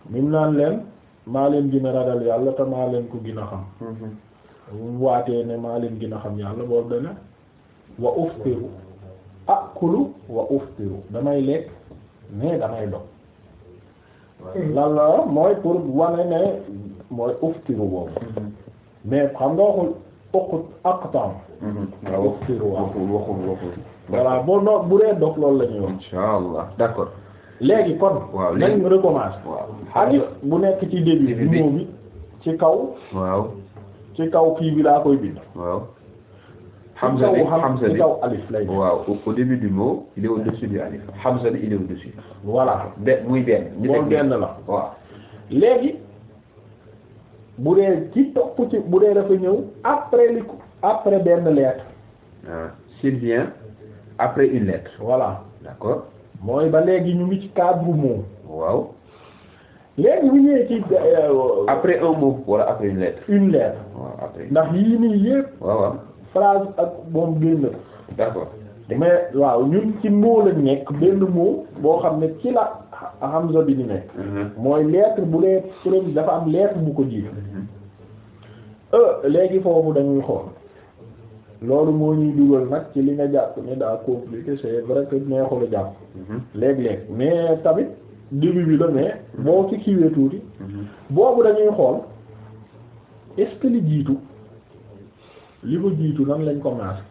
mim naan leen maa leen gën a ragal yàlla te maa leen ko gën a xam waatee ne maa leen gën a xam yàlla boobu dana wa uftiru akulu wa uftiru damay lekk mais damay dog hmm. lan la mooy pour wane mooy uftiru boobu hmm. mais xam nga waxul uqut aqtam hmm. uftiru waxul waxul waxul voilà bu dee dog loolu la ñuy wax inshallah d'accord léegi kon waaw léegi nañ bu nekk ci début bi bi ci kaw ci kaw kii bi laa koy bind Hamza bi Hamza bi alif lay waaw au début du mot il est au-dessus du alif bi il est au-dessus. voilà be muy benn. ñu teg benn la waaw. léegi bu dee ci topp ci bu dee dafa ñëw après li après benn lettre. ah s'il après une lettre. voilà d'accord. mooy ba léegi ñu ngi ci cadre mot. waaw. léegi bu ñëwee ci. Euh, après un mot wala après une lettre. une lettre. waaw après ndax yii nii yépp. waaw. phrase ak moom génn d'accord mais waaw ñun ci moo la nekk benn moo boo xam ne ci la Hamza bi di nekk mhm. mooy lettre bu dee premier dafa am lettre bu ko jiitu e léegi foofu dañuy xool loolu moo ñuy dugal nag ci li nga jàpp ni daa compliqué c'est vrai neexul a jàpp mhm. léeg-léeg mais tamit début bi la mais boo ci kiiwee tuuti boobu dañuy xool est-ce que li jiitu li ko jiitu nan lañ commencé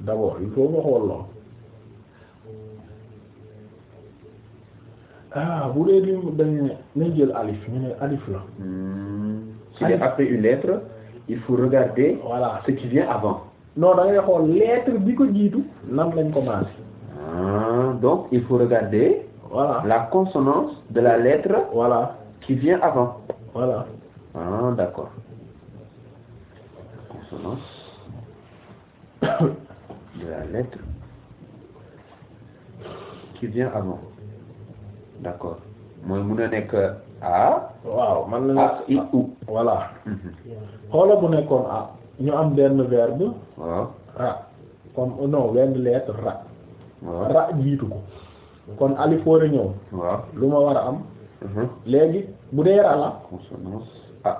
d'abord il faut nga xool lool ah bu dee li dañ ne nañ jël alif ñu alif la. Hmm. si c'est après une lettre il faut regarder. voilà ce qui vient avant. non da ngay xool lettre bi ko jiitu nan lañ commencé. ah donc il faut regarder. voilà la consonance de la lettre. voilà qui vient avant. voilà ah consonance de la lettre qui d'accord mooy mun a nekk a waaw man na i u voilà mm-hmm. xoola bu nekkoon a ah, ñu am benn verbe waaw ra comme non benn lettre ra ra jiitu ko kon alif war a lu ma war a am mm-hmm. léegi bu dee ra la consonance ah.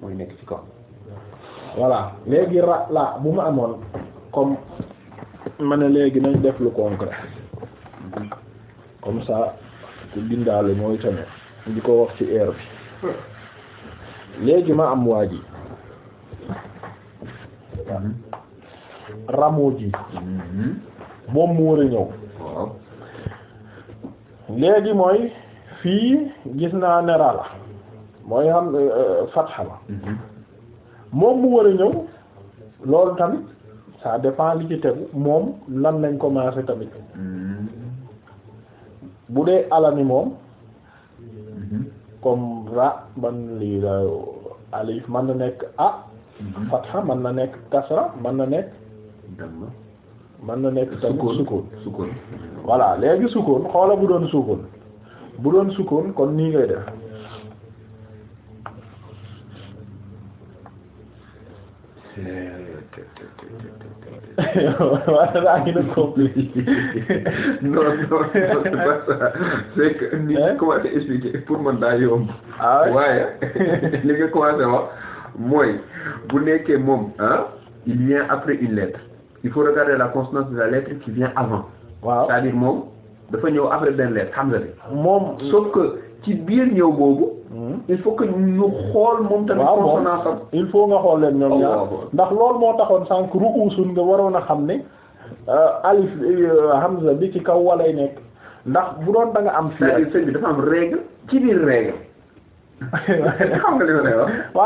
mooy nekk ci kaw voilà léegi ra la bu ma amoon comme ma ne léegi nañ def lu concret comme ça ku bindaale mooy tamit di ko wax ci air bi léegi ma am waa ji ramoo ji moom mu war a ñëw léegi mooy fii gis naa nera la mooy xam euh, fatxa la mhm. moom mu war a ñëw loolu tamit ça dépend li ci tegu moom lan lañ commencé tamit mm-hmm. bu dee alami moom mm-hmm. comme ra man lii alif mën na nekk a mm-hmm. fatha mën na nekk kasra man na nekk mën na nekk tamit sukkoon sukkoon voilà léegi sukkoon xoola bu doon sukkoon bu doon sukkoon kon nii ngay def waaw daa ngi ne compliqué. non non c'est pas ça c'est que ni nga commencé expliquer pour man daa yomb. waaye li nga commencé wax mooy bu nekkee moom ah il vient après une lettre il faut regarder la consonance de la lettre qui vient avant. waaw c'est-à-dire moom dafa ñëw après benn lettre xam nga de. moom sauf que ci biir ñëw boobu. il faut que ñu xool moom tamit consonance am il faut nga xool leen ñoom ñaar ndax lool moo taxoon sànq ru'usun nga waroon a xam ne euh, alif euh, hamza bi ci kaw walay nekk ndax bu doon da am fii sëñ dafa am règle ci biir règle xam nga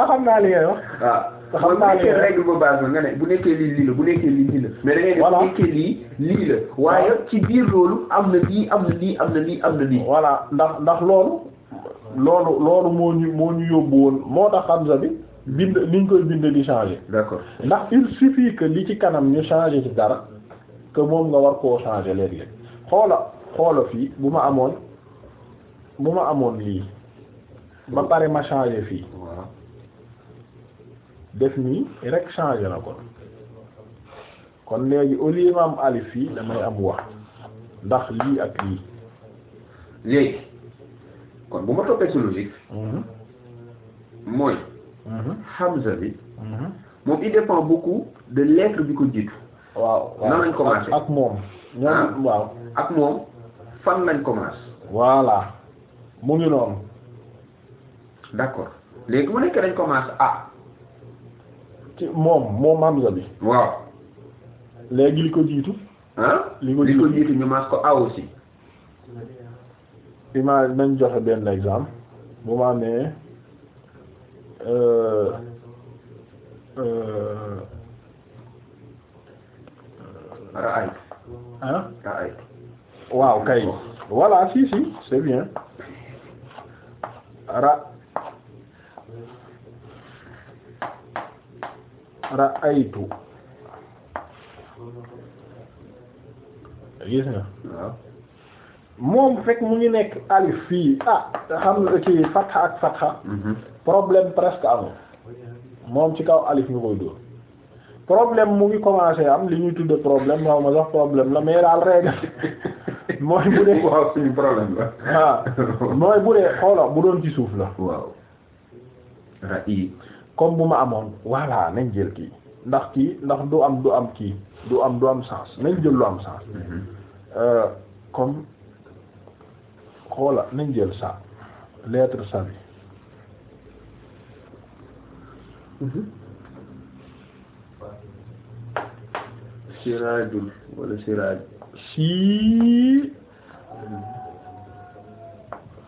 xam naa li naa li règle bu base nga ne bu nekkee lii lii la bu nekkee lii lii la waaye ci biir loolu am na lii am na lii am na lii am ndax ndax loolu loolu loolu moo ñu moo ñu yóbbu woon moo tax hamza bi bind niñ koy bind di changer. d'accord ndax il suffit que li ci kanam ñu changer ci dara que moom nga war koo changer léeg-léeg xoola xoola fii bu ma amoon bu ma amoon lii ba pare ma changer fii def nii rek changer na ko kon léegi au lieu ma am alif fii damay am wax ndax lii ak lii léegi kon bu ma toppee su logique mhm. mooy mhm. hamza bi mhm. moom il dépend beaucoup de lettre bi ko jiitu waaw nan lañ commencé ak moom ñoom ah. waaw ak moom fan lañ commencé voilà mu ngi noonu d'accord léegi mu nekkee dañ commencé ah ci moom moom hamza bi waaw léegi li ko jiitu ah li ko jiitu ñu mas ko a aussi ci ma nañ joxe benn exemple bu ma amee ay ah ay waaw kay oh. voilà si si c'est bien ra ra'aytu gis moom fekk mu ngi nekk alif fii ah xam nga ci fatha ak fatha mhm. problème presque amul moom ci kaw alif ñu koy dóor problème mu ngi commencé am li ñuy tudde problème waaw ma sax problème la mais daal règle mooy bu dee waaw problème la ah mooy bu dee xoola bu doon ci suuf la waaw comme bu ma amoon voilà nañ jël kii ndax kii ndax du am du am kii du am du am sens nañ jël lu am sens mhm. euh, comme xoola nañ jël ça lettre ça bi mhm. sirajul wala siraj si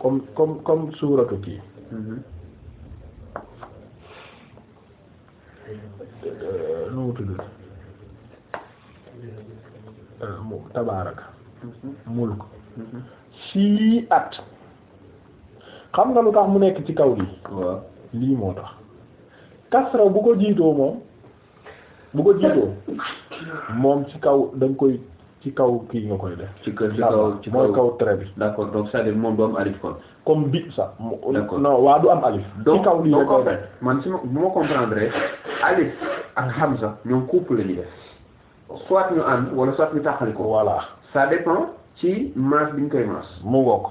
comme comme comme suuratu kii mhm. euh, nu mu tudd euh, tabaaraka mhm. mulk sii at xam nga lu tax mu nekk ci kaw lii waaw lii moo tax kasra bu ko jiitoo moom bu ko jiitoo moom ci kaw da koy ci kaw kii nga koy def. ci kaw ci kaw ci kaw mooy kaw trait bi. d'accord donc cest à moom du am alif comme bi sax. d'accord non waa du am alif. ci kaw lii rek koy man si ma bu ma comprendre alif ak hamza ñoom couple la ñuy def soit ñu ànd wala soit ñu taxali ko. voilà ça ci maas bi ñu koy maas. mu ngoog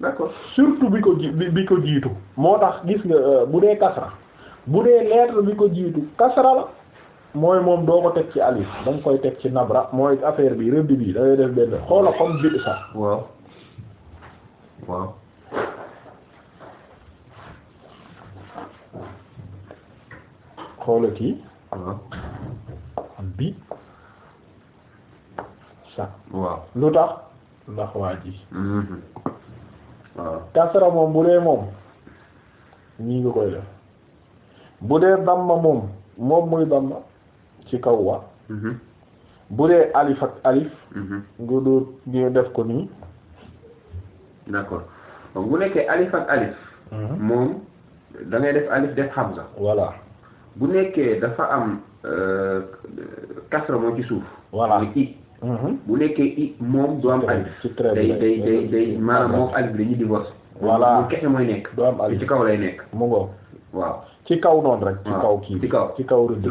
d'accord surtout bi ko ji bi ko jiitu moo tax gis nga euh, bu dee kasra bu dee lettre bi ko jiitu kasra la mooy moom doo ko teg ci alif da koy teg ci nabra mooy affaire bi redi bi da ngay def benn xoola comme bi sax waaw waaw xoola kii ah. bi lu tax ndax waa ji mm-hmm. kasra moom bu dee moom ñii nga koy def bu dee damma moom moom muy damma ci kaw wa mm-hmm. bu dee alif ak alif mm-hmm. nga dóor ñu def ko nii d'accord bu nekkee alif ak alif moom da def alif def hamza voilà bu nekkee dafa am euh, kasra moo ci suuf voilà Mm-hmm. bu nekkee moom du am alif day day day day maanaam moom alif la divorce voilà bu kese mooy nekk du am ci kaw lay nekk mu ngoo waaw ci kaw noonu rek ci kaw kii ci kaw ci kaw rëdd ci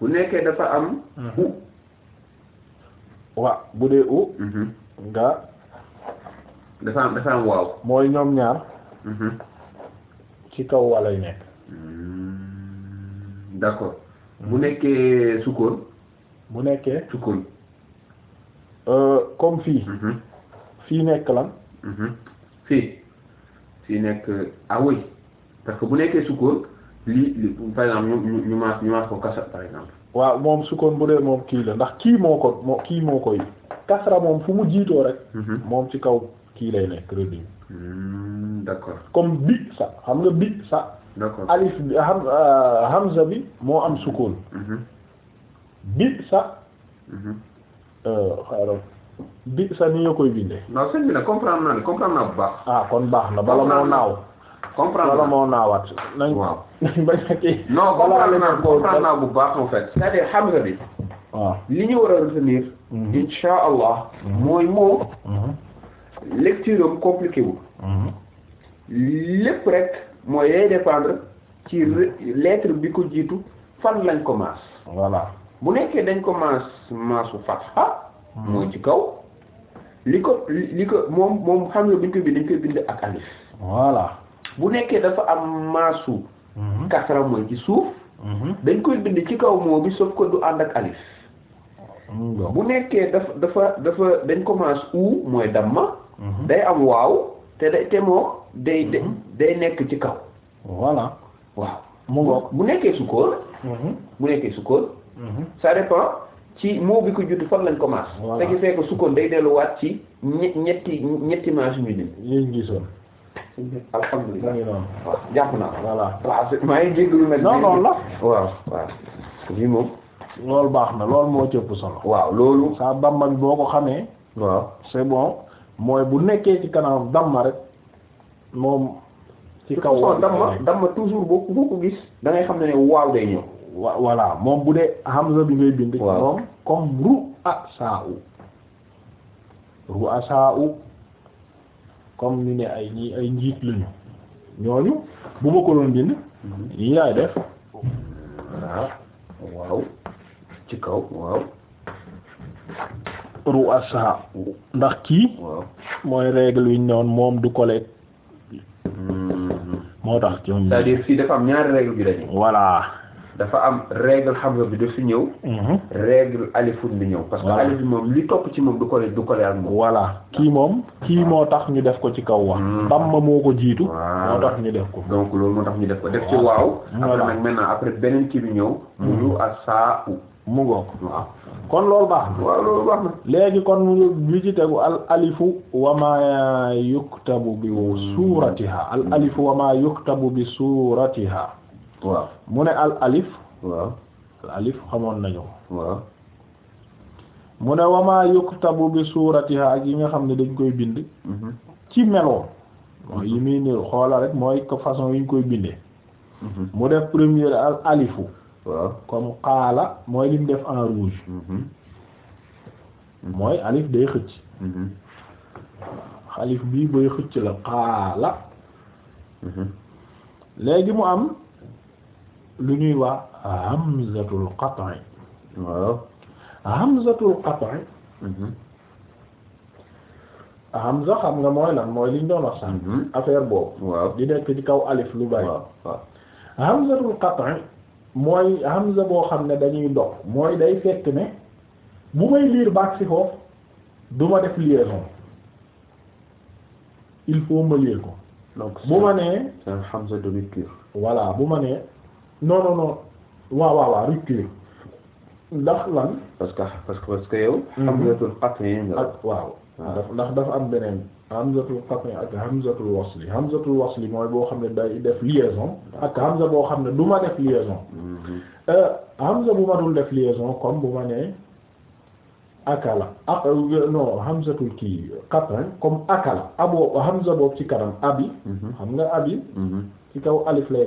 bu nekkee dafa am mm-hmm. u waaw bu dee u mm-hmm. nga dafa am dafa am waaw mooy ñoom ñaar ci kaw walay nekk d'accord bu nekkee sukkoon bu nekkee sukkoon Euh, comme mhm. mhm. fii. fii nekk lan. Ah fii fii nekk awoy parce que bu nekkee sukkoon lii li par exemple ñu ñu maas ñu maas ko kasa par exemple. waaw moom sukkoon bu dee moom kii la ndax kii moo ko moo kii moo koy kasra moom fu mu jiitoo rek. Mhm. moom ci kaw kii lay nekk rëdd hmm, d'accord comme bi sa xam nga bi sa. d'accord alif bi euh, hamza bi moo am sukkoon. bi sa. xaaral euh, bi sa ni nga koy bindee. non sëñ bi nag comprendre naa ne comprendre naa bu baax. ah kon baax na bala moo naaw. comprendre bala moo naawaat. nañ waaw bañ a kii. non naa comprendre naa bu baax en fait. cest à waaw li ñu war a retenir. Mhm. insha allah. Mhm. mooy moom. Mhm. lecture am compliqué wu. rek mooy day dépendre ci lettre bi ko jiitu fan lañ commence voilà. bu nekkee dañ ko maas maasu fatha mooy ci kaw li ko li ko moom moom xam nga buñ ko bind dañ koy bind ak alif voilà bu nekkee dafa am maasu mhm. kasra mooy ci suuf mhm. dañ koy bind ci kaw moo bi sauf que du ànd ak alif bu nekkee dafa dafa dafa dañ ko maas u mooy damma mhm. day am waaw te day te moom day day nekk ci kaw waaw mu ngoog bu nekkee sukkoon bu nekkee sukkoon ça mhm. dépend ci moo bi ko judd fan lañ ko maas te gi fekk sukkoon day delluwaat ci ñe- ñetti ñetti maas yu ñu leen gisoon alhamdulilah waaw jàpp naa voilà waaw maa ngi jéggalu nag non non la waaw waaw loolu baax na loolu moo cëpp solo waaw loolu saa damma bi boo ko xamee waaw c'est bon mooy bu nekkee ci kanam damma rek moom ci kaw damma damma toujours boo ko gis da ngay xam ne ne waaw day ñëw voilà moom bu dee hamza bi ngay bind moom comme ru'asa u ru'asa u comme ñu ne ay njiit lañu ñooñu bu ma ko bind ñii mhm. laay def waaw ci kaw waaw ru'asa ndax kii mooy règle yu ñu moom du collègue mhm. moo tax cest à ñaari règle bi dañu voilà dafa am règle xam nga bi daf si ñëw. Mhm. règle alifun bi ñëw. parce que alif moom li topp ci moom du ko du ko leer moom. voilà kii moom. kii moo tax ñu def ko ci kaw wax. damma mhm. moo ko jiitu. moo tax ñu def ko. donc loolu moo tax ñu def ko def ci waaw. après nag maintenant beneen kii bi ñëw. Mhm. mulu ak saa u. mu ngoog kon loolu baax na. waaw loolu baax na. léegi kon bi ci tegu al alifu wa maa yuktabu bi suuratiha al alifu wa maa yuktabu bi suuratiha waaw mu ne al alif waaw al alif xamoon nañu waaw mu ne wamaa yuktabu bi suratiha ak yi nga xam ne dañ koy bind mm-hmm. ci meloom mooy mm-hmm. yi muy niru xoola rek mooy ko façon yi ñu koy bindee mm-hmm. mu def premier al alifu waaw comme xaala mooy lim def en rouge mooy alif day xëcc alif bii bay xëcc la xaala léegi mu am lu ñuy wax hamzatul qat'i waaw hamzatul qat'i mhm. hamza xam nga mooy lan mooy liñ doon wax sànq mhm. affaire boobu di nekk ci kaw alif lu bari hamzatul qat'i mooy hamza boo xam ne dañuy dog mooy day fekk ne bu may liir baag si foofu du ma def liaison il ma liir ko donc bu ma nee c'est hamza de rupture bu ma nee non non non waaw waaw waaw lan. parce que parce que parce que yow. Mhm. hamzatul qat'i ak waaw. ndax dafa am beneen. hamzatul qat'i ak hamzatul wasli wasli mooy boo xam ne day def ak hamza boo xam ne du ma def liaison. Mhm. Euh, hamza bu ma dul def liaison comme bu ma nee. akala ak euh, non hamzatul kii qat'i comme akala abo hamza boobu ci kanam abi. Mhm. xam nga abi. ci kaw alif lay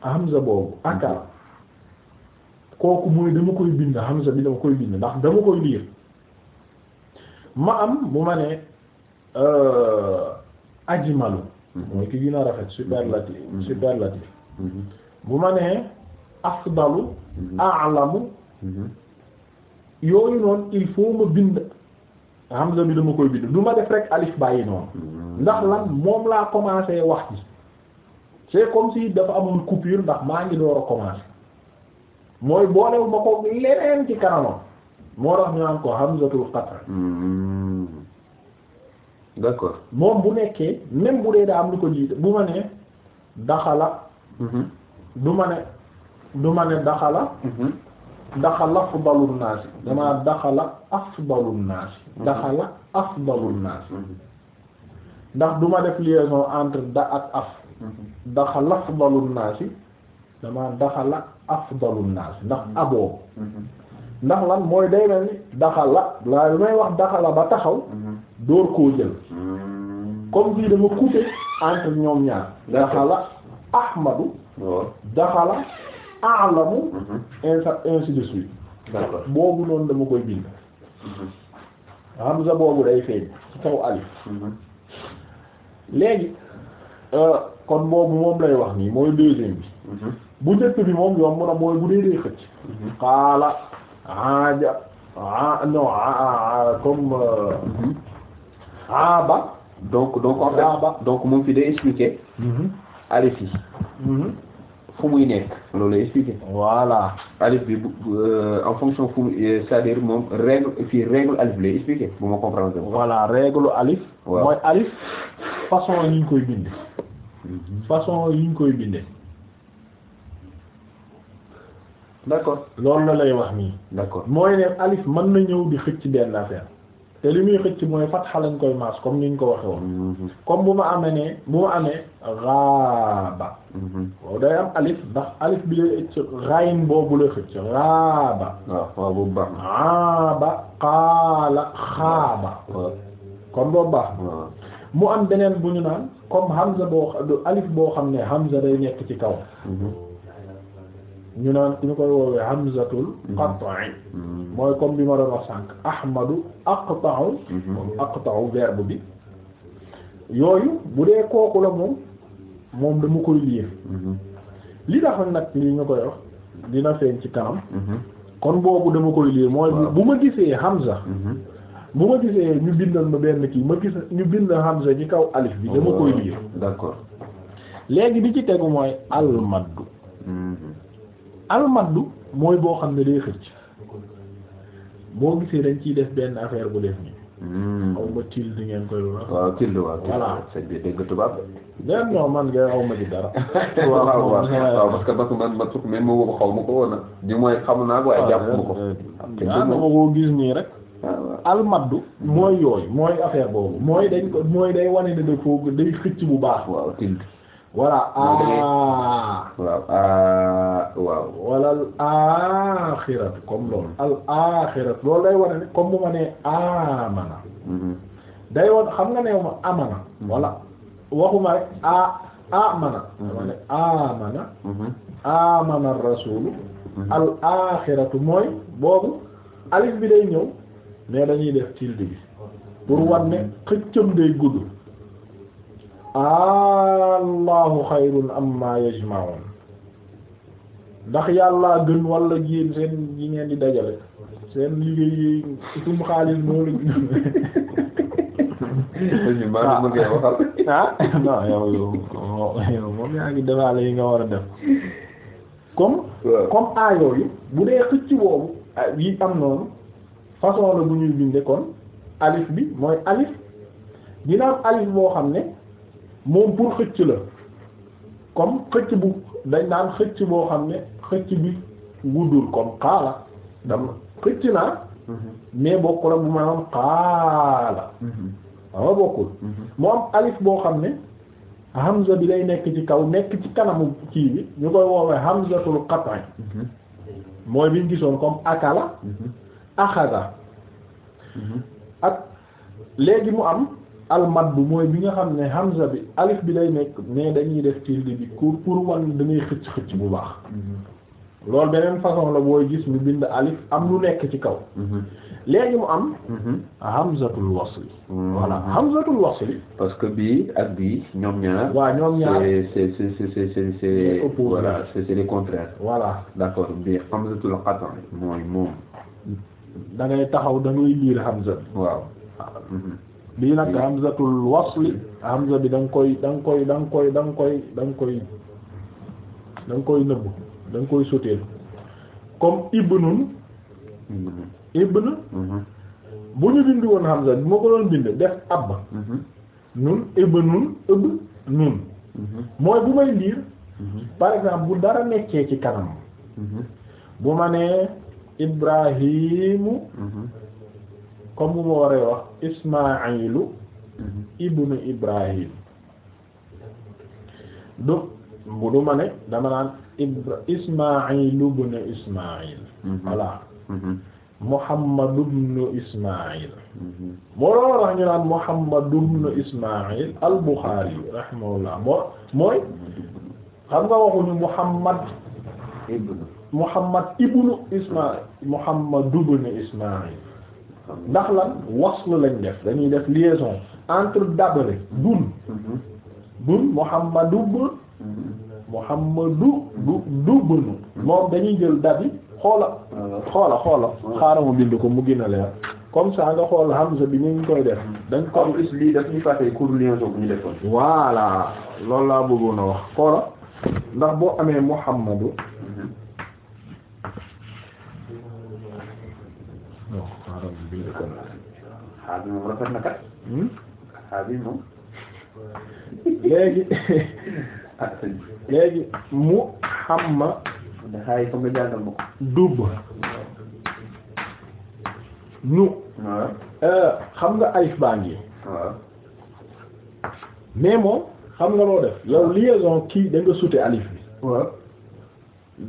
hamza boobu akara kooku mooy dama koy bind hamza bi dama koy bind ndax dama koy liir ma am bu ma ne euh, ajmalu mm-hmm. mooy ki gën a rafet mm-hmm. superlatif mm-hmm. superlatif bu ma nee afdalu a'lamu yooyu noonu il faut ma bind hamza bi dama koy bind du def rek alif bàyyi noonu ndax lan moom laa commencé wax ci c'est comme si dafa amoon coupure ndax maa ngi door a commencer mooy boolewu ma ko leneen ci kanamam moo tax ñu naan ko hamzatul qatr hmm. d'accord moom bu nekkee même bu dee daa am lu ko jiite bu ma ne daxala hmm. du ma ne du ma ne daxala hmm. daxala afdalun naasi damaa daxala afdalun naasi daxala naasi ndax duma def liaison entre da ak af mhm. daxal afdalun naasi dama daxala afdalun naasi ndax mhm. aboo mhm. ndax lan mooy day mel ni daxala laa lu may wax daxala ba taxaw door koo jël comme bii dama couper entre ñoom ñaar daxala ahmadu daxala a'lamu ainsi de suite boobu noonu dama koy bind hamza boobu day feeñ ci kaw alif léegi euh, kon boobu moom lay wax nii mooy deuxième bi mhm. bu njëkk bi moom yomb na mooy bu dee dee xëcc mhm. xaala aaja ah non ah comme ah euh, mhm. ba donc donc en fait donc mu ngi fi de expliquer alif yi fu muy nekk loolu expliqué voilà alif bi euh, en fonction fu euh, c'est-à-dire moom règle fii règle alif lay expliqué bu ma comprendre voilà règle alif mooy alif façon yi ñu koy bindee mhm. façon yi ñu koy binde d'accord loolu la lay wax nii d'accord mooy ne alif mën na ñëw di xëcc benn affaire te li muy xëcc mooy fatxa lañ koy maas comme niñ ko waxe woon mm-hmm. comme bu ma amee ne bu ma amee raaba mm-hmm. waaw day am alif ndax alif bi lay xëcc rayin boobu lay raaba ah, waaw boobu baax na raaba qaala xaaba kon boobu baax mu am beneen bu ñu naan comme hamza boo alif boo xam ne hamza day nekk ci kaw mm-hmm. ñu naan ñu koy woowee hamzatul mm-hmm. qat'i mm-hmm. mooy comme bi ma doon wax sànq ahmadu aqta'u mm-hmm. aqta'u verbe bi yooyu bu dee kooku la moom moom dama koy liir li tax nag li ñu koy wax dina feeñ ci kanam kon boobu dama koy liir mooy bu ma gisee hamza bu ma gisee ñu bindal ma benn kii ma gis ñu bind hamza ci kaw alif bi dama koy liir d'accord léegi bi ci tegu mooy almaddu almaddu mooy boo xam ne day xëcc boo gisee dañ ciy def benn affaire bu def nii. Hmm. aw ma til di ngeen koy wax. waaw til waaw til voilà sëñ tubaab. benn man nga ma ci dara. waaw waaw waaw mooy xam naa ko waaye jàpp ma ko. te ah, ah, ah. dama ko gis nii rek. almaddu hmm. mooy yooyu mooy affaire boobu mooy dañ ko mooy day wane ne dafoo day xëcc bu baax. waaw til. wala a waaw a waaw comme loolu al axiratu loolu day wane ne comme bu ma nee amana mm-hmm. day wan xam nga neew ma amana mm-hmm. wala waxuma rek a amana amana amana rasulu mooy boobu alif bi day ñëw mais dañuy def tilde bi pour wan ne day gudd allahu xayrun amma yajma'un ndax yàllaa gën wala yéen seen yi ngeen di dajale seen liggéey sutum xaalis moo la gën maa ah. ah. yaa ngi defaale yi nga war a def comme comme aayoo yi bu dee xëcc boobu ah, yi am noonu façon la bu ñuy binde kon alif bi mooy alif dina alif boo xam ne moom pour xëcc la comme xëcc bu dañ naan xëcc boo xam ne xëcc bi guddul comme xaala dama xëcc naa mais bokkul ak bu ma noon xaala dama bokkul moo am alif boo xam ne hamza bi day nekk ci kaw nekk ci kanamu kii bi ñu koy woowee hamzatul qat'i mooy biñ gisoon comme akala mhm. axada ak léegi mu am almat bu mooy bi nga xam ne hamza bi alif bi lay nekk mais dañuy def tilde bi pour pour wan dañuy xëcc xëcc bu baax mm-hmm. loolu beneen façon la booy gis ñu bind alif am lu nekk ci kaw mm-hmm. léegi mu am mm-hmm. hamzatul wasli voilà hamzatul wasli parce que bii ak bii ñoom ñaar waa ñoom ñaar c'est c'est c'est c'est c'est voilà c'est c'est le contraire voilà d'accord bi hamzatul qat'i mooy moom da ngay taxaw da ngay liir hamza bi waaw ah, bii nag hamzatul wasli hamza bi da nga koy da nga koy da nga koy koy da nga koy da nga koy comme ibnun ibn bu ñu dindi woon hamza bi moo ko doon bind def ab nun ibnun ëb mooy bu may liir par exemple bu dara ne ci kanam bu ma nee ibrahimu comme bu ma waree wax ismailu ibnu ibrahim du ma ne dama naan ibra ismailu ibnu ismail mhm. voilà mhm. muhammadu ibnu ismail mhm. moo doon wax ñu naan muhammadu ibnu ismail al bukhari rahimahullah mooy xam nga waxuñu muhammad ibnu muhammad ibnu ismail muhammadu ibnu ismail ndax lan wasl lañ def dañuy def liaison entre dabale dun dun muhammadu bu muhammadu du du bënu moom dañuy jël dabi xoola xoola xoola xaaral ma bind ko mu gën a leer comme ça nga xool hamza bi ñu ngi koy def dañ ko am lii daf ñuy fàtte cour liaison bu ñu defoon voilà loolu laa bëggoon a wax xoola ndax boo amee muhammadu xaaral rafet na hmm? léegi ah, léegi mu xam ma. dafay nga jàngal ma ko. nu. Euh, xam nga alif baa ngi. mais moom xam nga loo def. yow liaison kii da nga alif bi.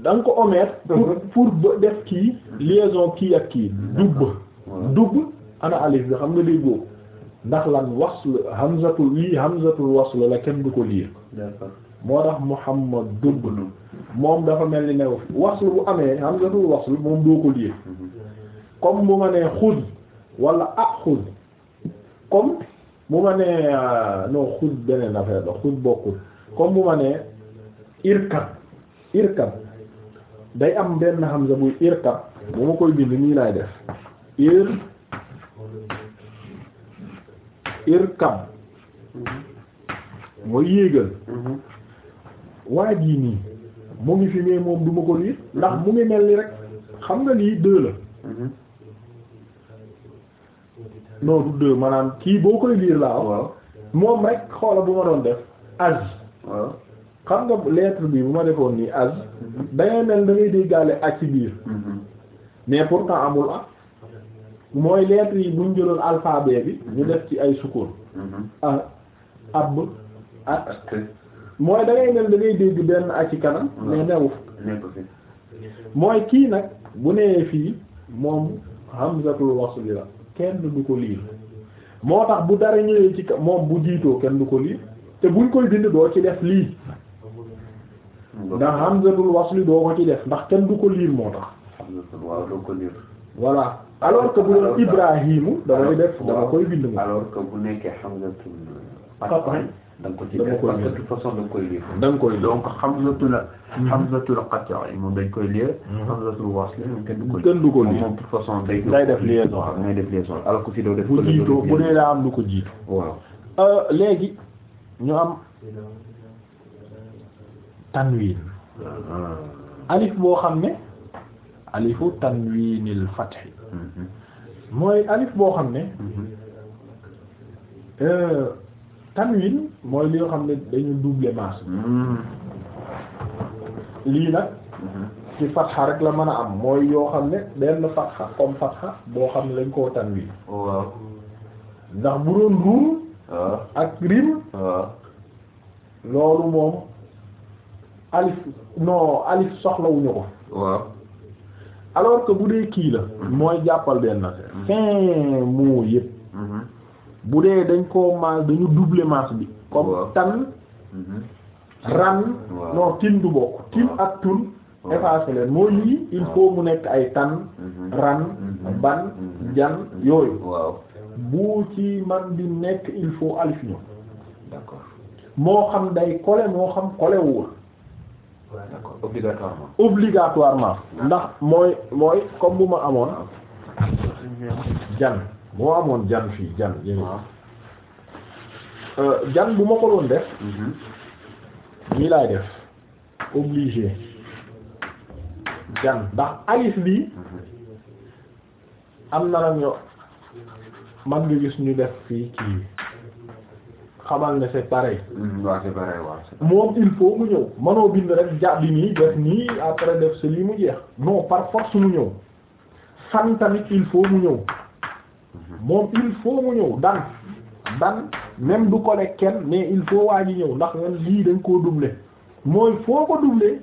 da ko omettre. pour mhm. pour def kii. liaison kii ak kii mhm. dub. dugg ana alif bi xam nga déggoo ndax lan wasl hamzatul lii hamzatul wasl la kenn du ko lii moo tax mu xam muhammad dugg moom dafa mel ni new wasl bu amee hamzatul wasl moom doo ko liir comme bu ma nee xud wala ah xud comme bu ma nee euh, non xud beneen affaire la xud bokkul bu ma nee irkab irkab day am benn hamza buy irkab bu ma koy bind nii laay def ir irkab mooy yéegal mhm. waa jii nii mu ngi fi moom du ko lire ndax mu ngi mel ni rek xam nga lii deux la mhm. non du deux maanaam kii boo koy lire laa waaw moom rek xoola bu ma def az waaw xam nga lettre bi bu ma defoon nii az mhm. dangay mel da ngay déggaale ak ci biir mais pourtant amul mooy lettres yi buñ jëloon alphabet bi ñu def ci ay sukkoon mhm. a ab ak mooy da ngay mel da ngay dégg benn ak ci kanam mais newuf mooy kii nag bu nee fii moom hamzatul wasl la kenn du ko liir moo tax bu dara ñëwee ci moom bu jiitoo kenn du ko liir te buñ koy bind doo ci def lii ndax hamzatul wasl doo ko ci def ndax kenn du ko liir moo tax waaw doo ko liir voilà alors que bu doon Ibrahima damay def dama koy bind moom. alors que bu nekkee hamzatul qat'i da nga ko ci def parce que de toute façon da nga koy lire. da nga koy lire donc hamzatul mhm. hamzatul qat'i moom dañ koy lire. Mhm. hamzatul wasl moom kenn du ko lire. kenn du ko lire moom de toute façon day. day def liaison day def liaison alors que fii doo def. bu jiitoo bu nee daa am lu ko jiitu. waaw euh, léegi ñu am tanwin ah. alif boo xam ne. alifu tanwiinil fathi mm-hmm. mooy alif boo xam ne mm-hmm. euh, tanwin mooy li xam ne dañu double masse mm-hmm. lii nag ci fatxa rek la mën a am mooy yoo xam ne benn fatxa comme fatxa boo xam ne lañ koo tanwin waaw ndax bu doon ruum ak rim loolu moom alif non alif soxlawuñu ko waaw alors que bu dee kii la mooy jàppal benn affaire fin moo yëpp bu dee dañ koo maas dañu duble maas bi comme tan mm-hmm. ran non tin du bokk tin ak tun effacé leen mooy lii il faut mu nekk ay tan mm-hmm. ran mm-hmm. ban jan yooyu bu ci man di nekk il faut alif moo xam day kole moo xam kolewul d'accord obligatoirement. obligatoirement ndax mooy mooy comme bu ma amoon jan boo amoon jan fii jan euh, jan bu ma ko doon def mhm. nii laay def obligé jan ndax alif bi mhm. am na la man nga gis ñu def fii kii xamal ne c'est pareil. Mm, moom il faut mu ñëw manoo bind rek jàpp nii def nii après def si lii mu jeex non par force mu ñëw fan tamit il faut mu ñëw mm-hmm. moom il faut mu ñëw dan dan même du ko lekk kenn mais il faut waa ji ñëw ndax lii dañ koo duble mooy foo ko doublé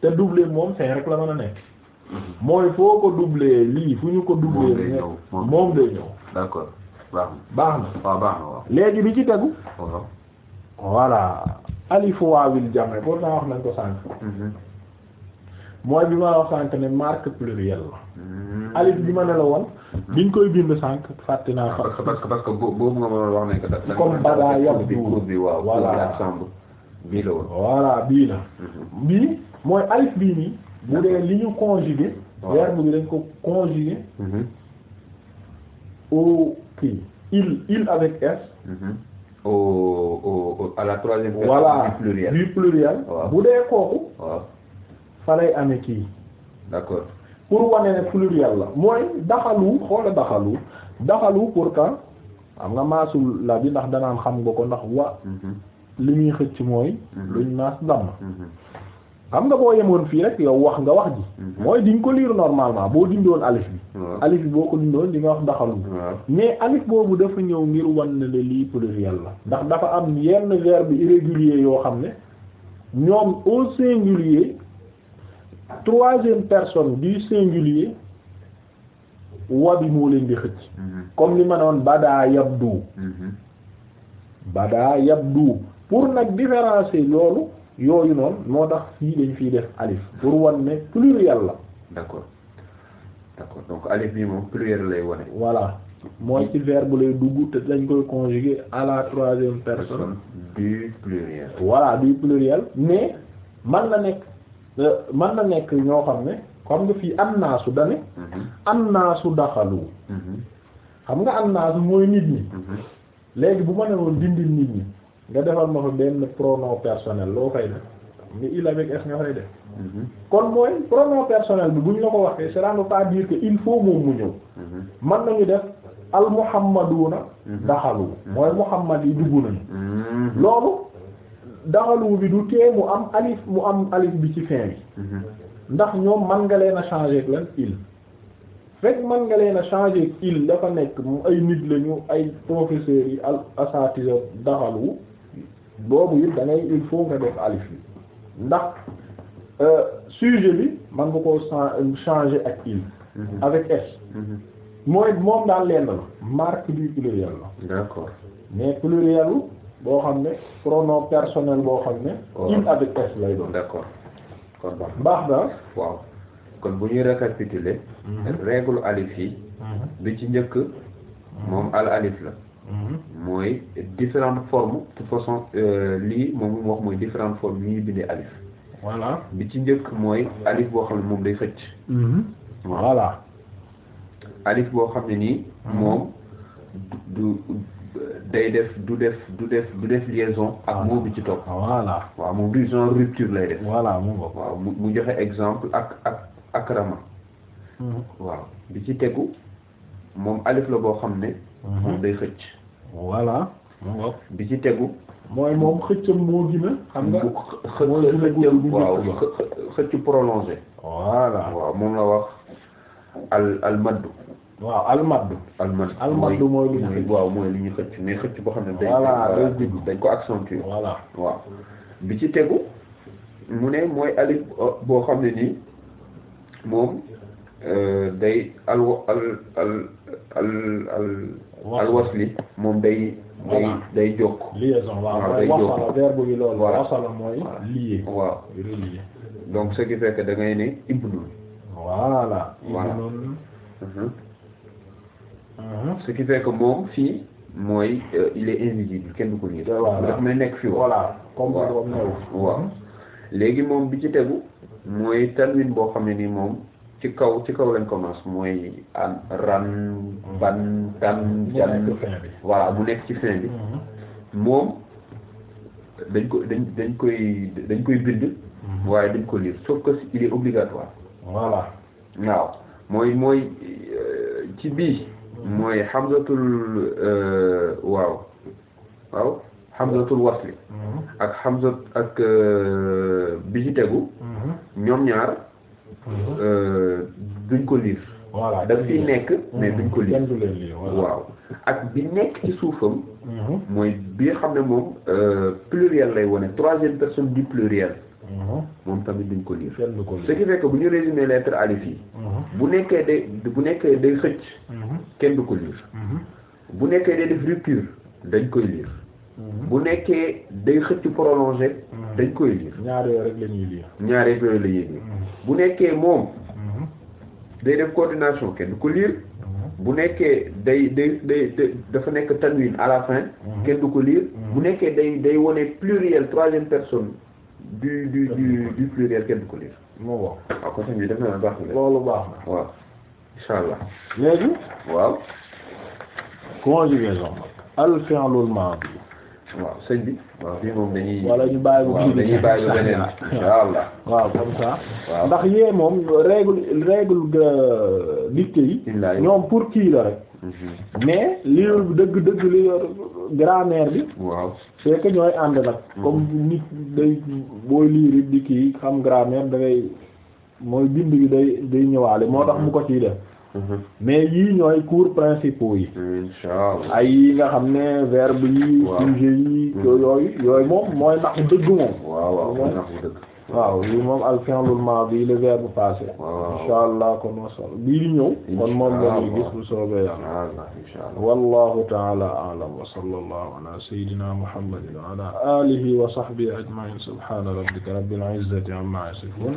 te doublé moom c'est rek la mën a nekk. Mm-hmm. mooy foo ko doublé lii fu ñu ko doublé. moom day ñëw baax na waaw baax na waaw léegi bi ci tegu voilà alifu waawil jam'i pour naa wax nañ ko sànk mhm. mooy bi ma wax sànk ne marque pluriel la mhm. alif bi ma ne la woon mhm. biñ koy bind sànk fàtte naa fa ah, parce que parce que boobu nga ma wax ne ko daf comme badaa yab bi bi waaw voilà bii la woon voilà bii la bii mooy alif bii nii bu dee li ñu conjugué verbe bi dañ ko conjugué au kii il il avec s. Mhm. au au à bu dee kooku. waaw fa kii. d'accord pour wane ne pluriel la mooy daxalu xoola daxalu daxalu pour que xam nga maasul la bi ndax danaan xam nga ko ndax wa. Mhm. li muy xëcc mooy. Mhm. luñ maas damm. xam nga boo yemoon fii rek yow wax nga wax ji. Mhm. mooy di ko lire normalement boo dindoon alif bi. alif bi boo ko dindoon di nga wax daxalu. mais alif boobu dafa ñëw ngir wan ne la lii pluriel la. ndax dafa am yenn verbe irrégulier yoo xam ne ñoom au singulier troisième personne du singulier wabi moo leen di xëcc. Mhm. comme li ma noon badaa yabdu. Mhm. badaa yabdu pour nag différencier loolu. yooyu noonu moo tax fii dañ fii def alif pour wan ne pluriel la. d'accord d'accord donc alif bi moom pluriel lay wane. voilà mooy ci verbe lay dugg te dañ koy conjuguer à la troisième personne. du pluriel. voilà du pluriel mais man na nekk euh, man na nekk ñoo xam ne xam nga fii annaasu da ne. Mhm. annaasu daxalu. Mhm. xam nga annaasu mooy nit ñi. Mhm. léegi bu ma ne woon dindil nit ñi. nga defal ma fa benn pronom personnel loo fay def ni il avec est nga fay def mhm. kon mooy pronom personnel bi bu ñu la ko waxee cela ne veut pas dire que il faut moom mu ñëw man mhm. nañu def al muhammaduna mhm. daxalu mooy muhammad yi dugg nañu loolu daxalu bi du tee mu am alif mu am alif bi ci fin bi ndax ñoom man nga leen a changer ak lan il fekk man nga leen a changer ak il dafa nekk ay nit lañu ay professeurs yi al asatisa daxalu boobu it da ngay il faut nga def alif bi ndax euh, sujet bi man nga koo changer ak il mhm. avec s mhm. mooy moom daal lenn la marque bi pluriel la d'accord mais pluriel boo xam ne pronom personnel boo xam ne il avec s lay doon d'accord kon baax baax waaw kon bu ñuy récapituler mhm. règle alif yi bi ci njëkk moom al alif la Mhm. mooy différentes formes de façon euh, lii moom wax mooy différentes formes yi ñuy bindee alif. voilà bi ci njëkk mooy alif boo xam ne moom day xëcc. Mhm. voilà. boo xam ne nii. Mhm. moom def du def du def du def liaison. ak moo ci topp. voilà waaw moom du genre rupture lay def. waaw mu joxe exemple ak ak akrama. waaw bi ci tegu moom alif la boo xam ne. moom day xëcc. voilà. bi ci tegu. mooy moom xëccam moo gën xam nga xëcc prolongé. voilà waaw moom la wax al al maddu. waaw almaddu. almaddu almaddu mooy li ñu. waaw mooy li ñu xëcc mais xëcc boo xam ne. voilà dañ ko accentuer. voilà waaw bi ci tegu mu ne mooy alif euh, boo xam ne nii moom euh, day al al al. alwasli moom day. day day jokk. liaison waaw day jokk wasala verbe bi loolu. voilà wasala mooy lié. waaw relié. donc ce qui fait que da ngay ne ibnu. voilà ibnu. Mhm. Mhm. ce qui fait que moom fii. mooy euh, il est invisible kenn du ko nii. voilà dafa may nekk fii. voilà comme waaw mhm. léegi moom bi ci tegu. boo xam ne moom. ci kaw ci kaw lañ commence mooy an ran ban tan jan voilà mu nekk ci fin moom dañ ko dañ dañ koy dañ koy bind mhm. waaye dañ ko lire sauf que il est obligatoire voilà waaw mooy mooy euh, ci bii mhm. mooy hamzatul euh, waaw waaw hamzatul wasli mhm. ak hamzat ak euh, bi ci tegu ñoom ñaar Euh, duñ ko liir voilà daf fiy nekk mais duñ ko liir mhm. waaw ak bi nekk ci suufam mhm. mooy bi xam ne moom euh, pluriel lay wone troisième personne du pluriel mhm. moom tamit duñ ko liir ce qui fait que bu ñu résumer lettre alif yi bu nekkee day bu nekkee day xëcc kenn du ko liir bu nekkee day def dañ koy liir bu nekkee day xëcc prolongé. Mm-hmm. dañ koy liir ñaar yooyu rek la ñuy liir. Mm-hmm. bu nekkee moom. Mm-hmm. day def coordination kenn du ko liir. bu nekkee day day day dafa nekk tanwin à la fin. kenn du ko liir. bu nekkee day day wone pluriel troisième personne du du du du pluriel kenn du ko liir. moo waaw waaw kon sëñ bi def na baax na. loolu baax na waaw. incha allah léegi. waaw. conjugaison. al fi'lul maadi waaw sëñ bi. waaw fii moom dañuy. wala ñu bàyyi ko kii bi dañuy bàyyi ko waaw ndax yee moom règle règle dictée yi. ñoom pour kii la rek. Mhm. mais li dëgg dëgg li yor grammaire bi. waaw c'est que ñooy ànd nag. Mhm. comme nit day booy lire di kii xam grammaire da ngay mooy bind bi day day ñëwaale moo tax mu ko ciy def. Mm-hmm. mais yii ñooy cours principaux yi inshallah ay yi nga xam ne verbe yi sujet yi mm-hmm. yooyu yooyu moom mooy naxu dëgg moom waaw waaw mooy naxu dëgg waaw lii moom al fi'lul maadi le verbe passé inshallah kon wasal bii di ñëw kon moom lañuy gis bu soobee yàlla inshallah wallahu ta'ala a'lam wa sallallahu ala sayidina muhammadin wa ala alihi wa sahbihi ajma'in subhana rabbika rabbil izzati amma yasifun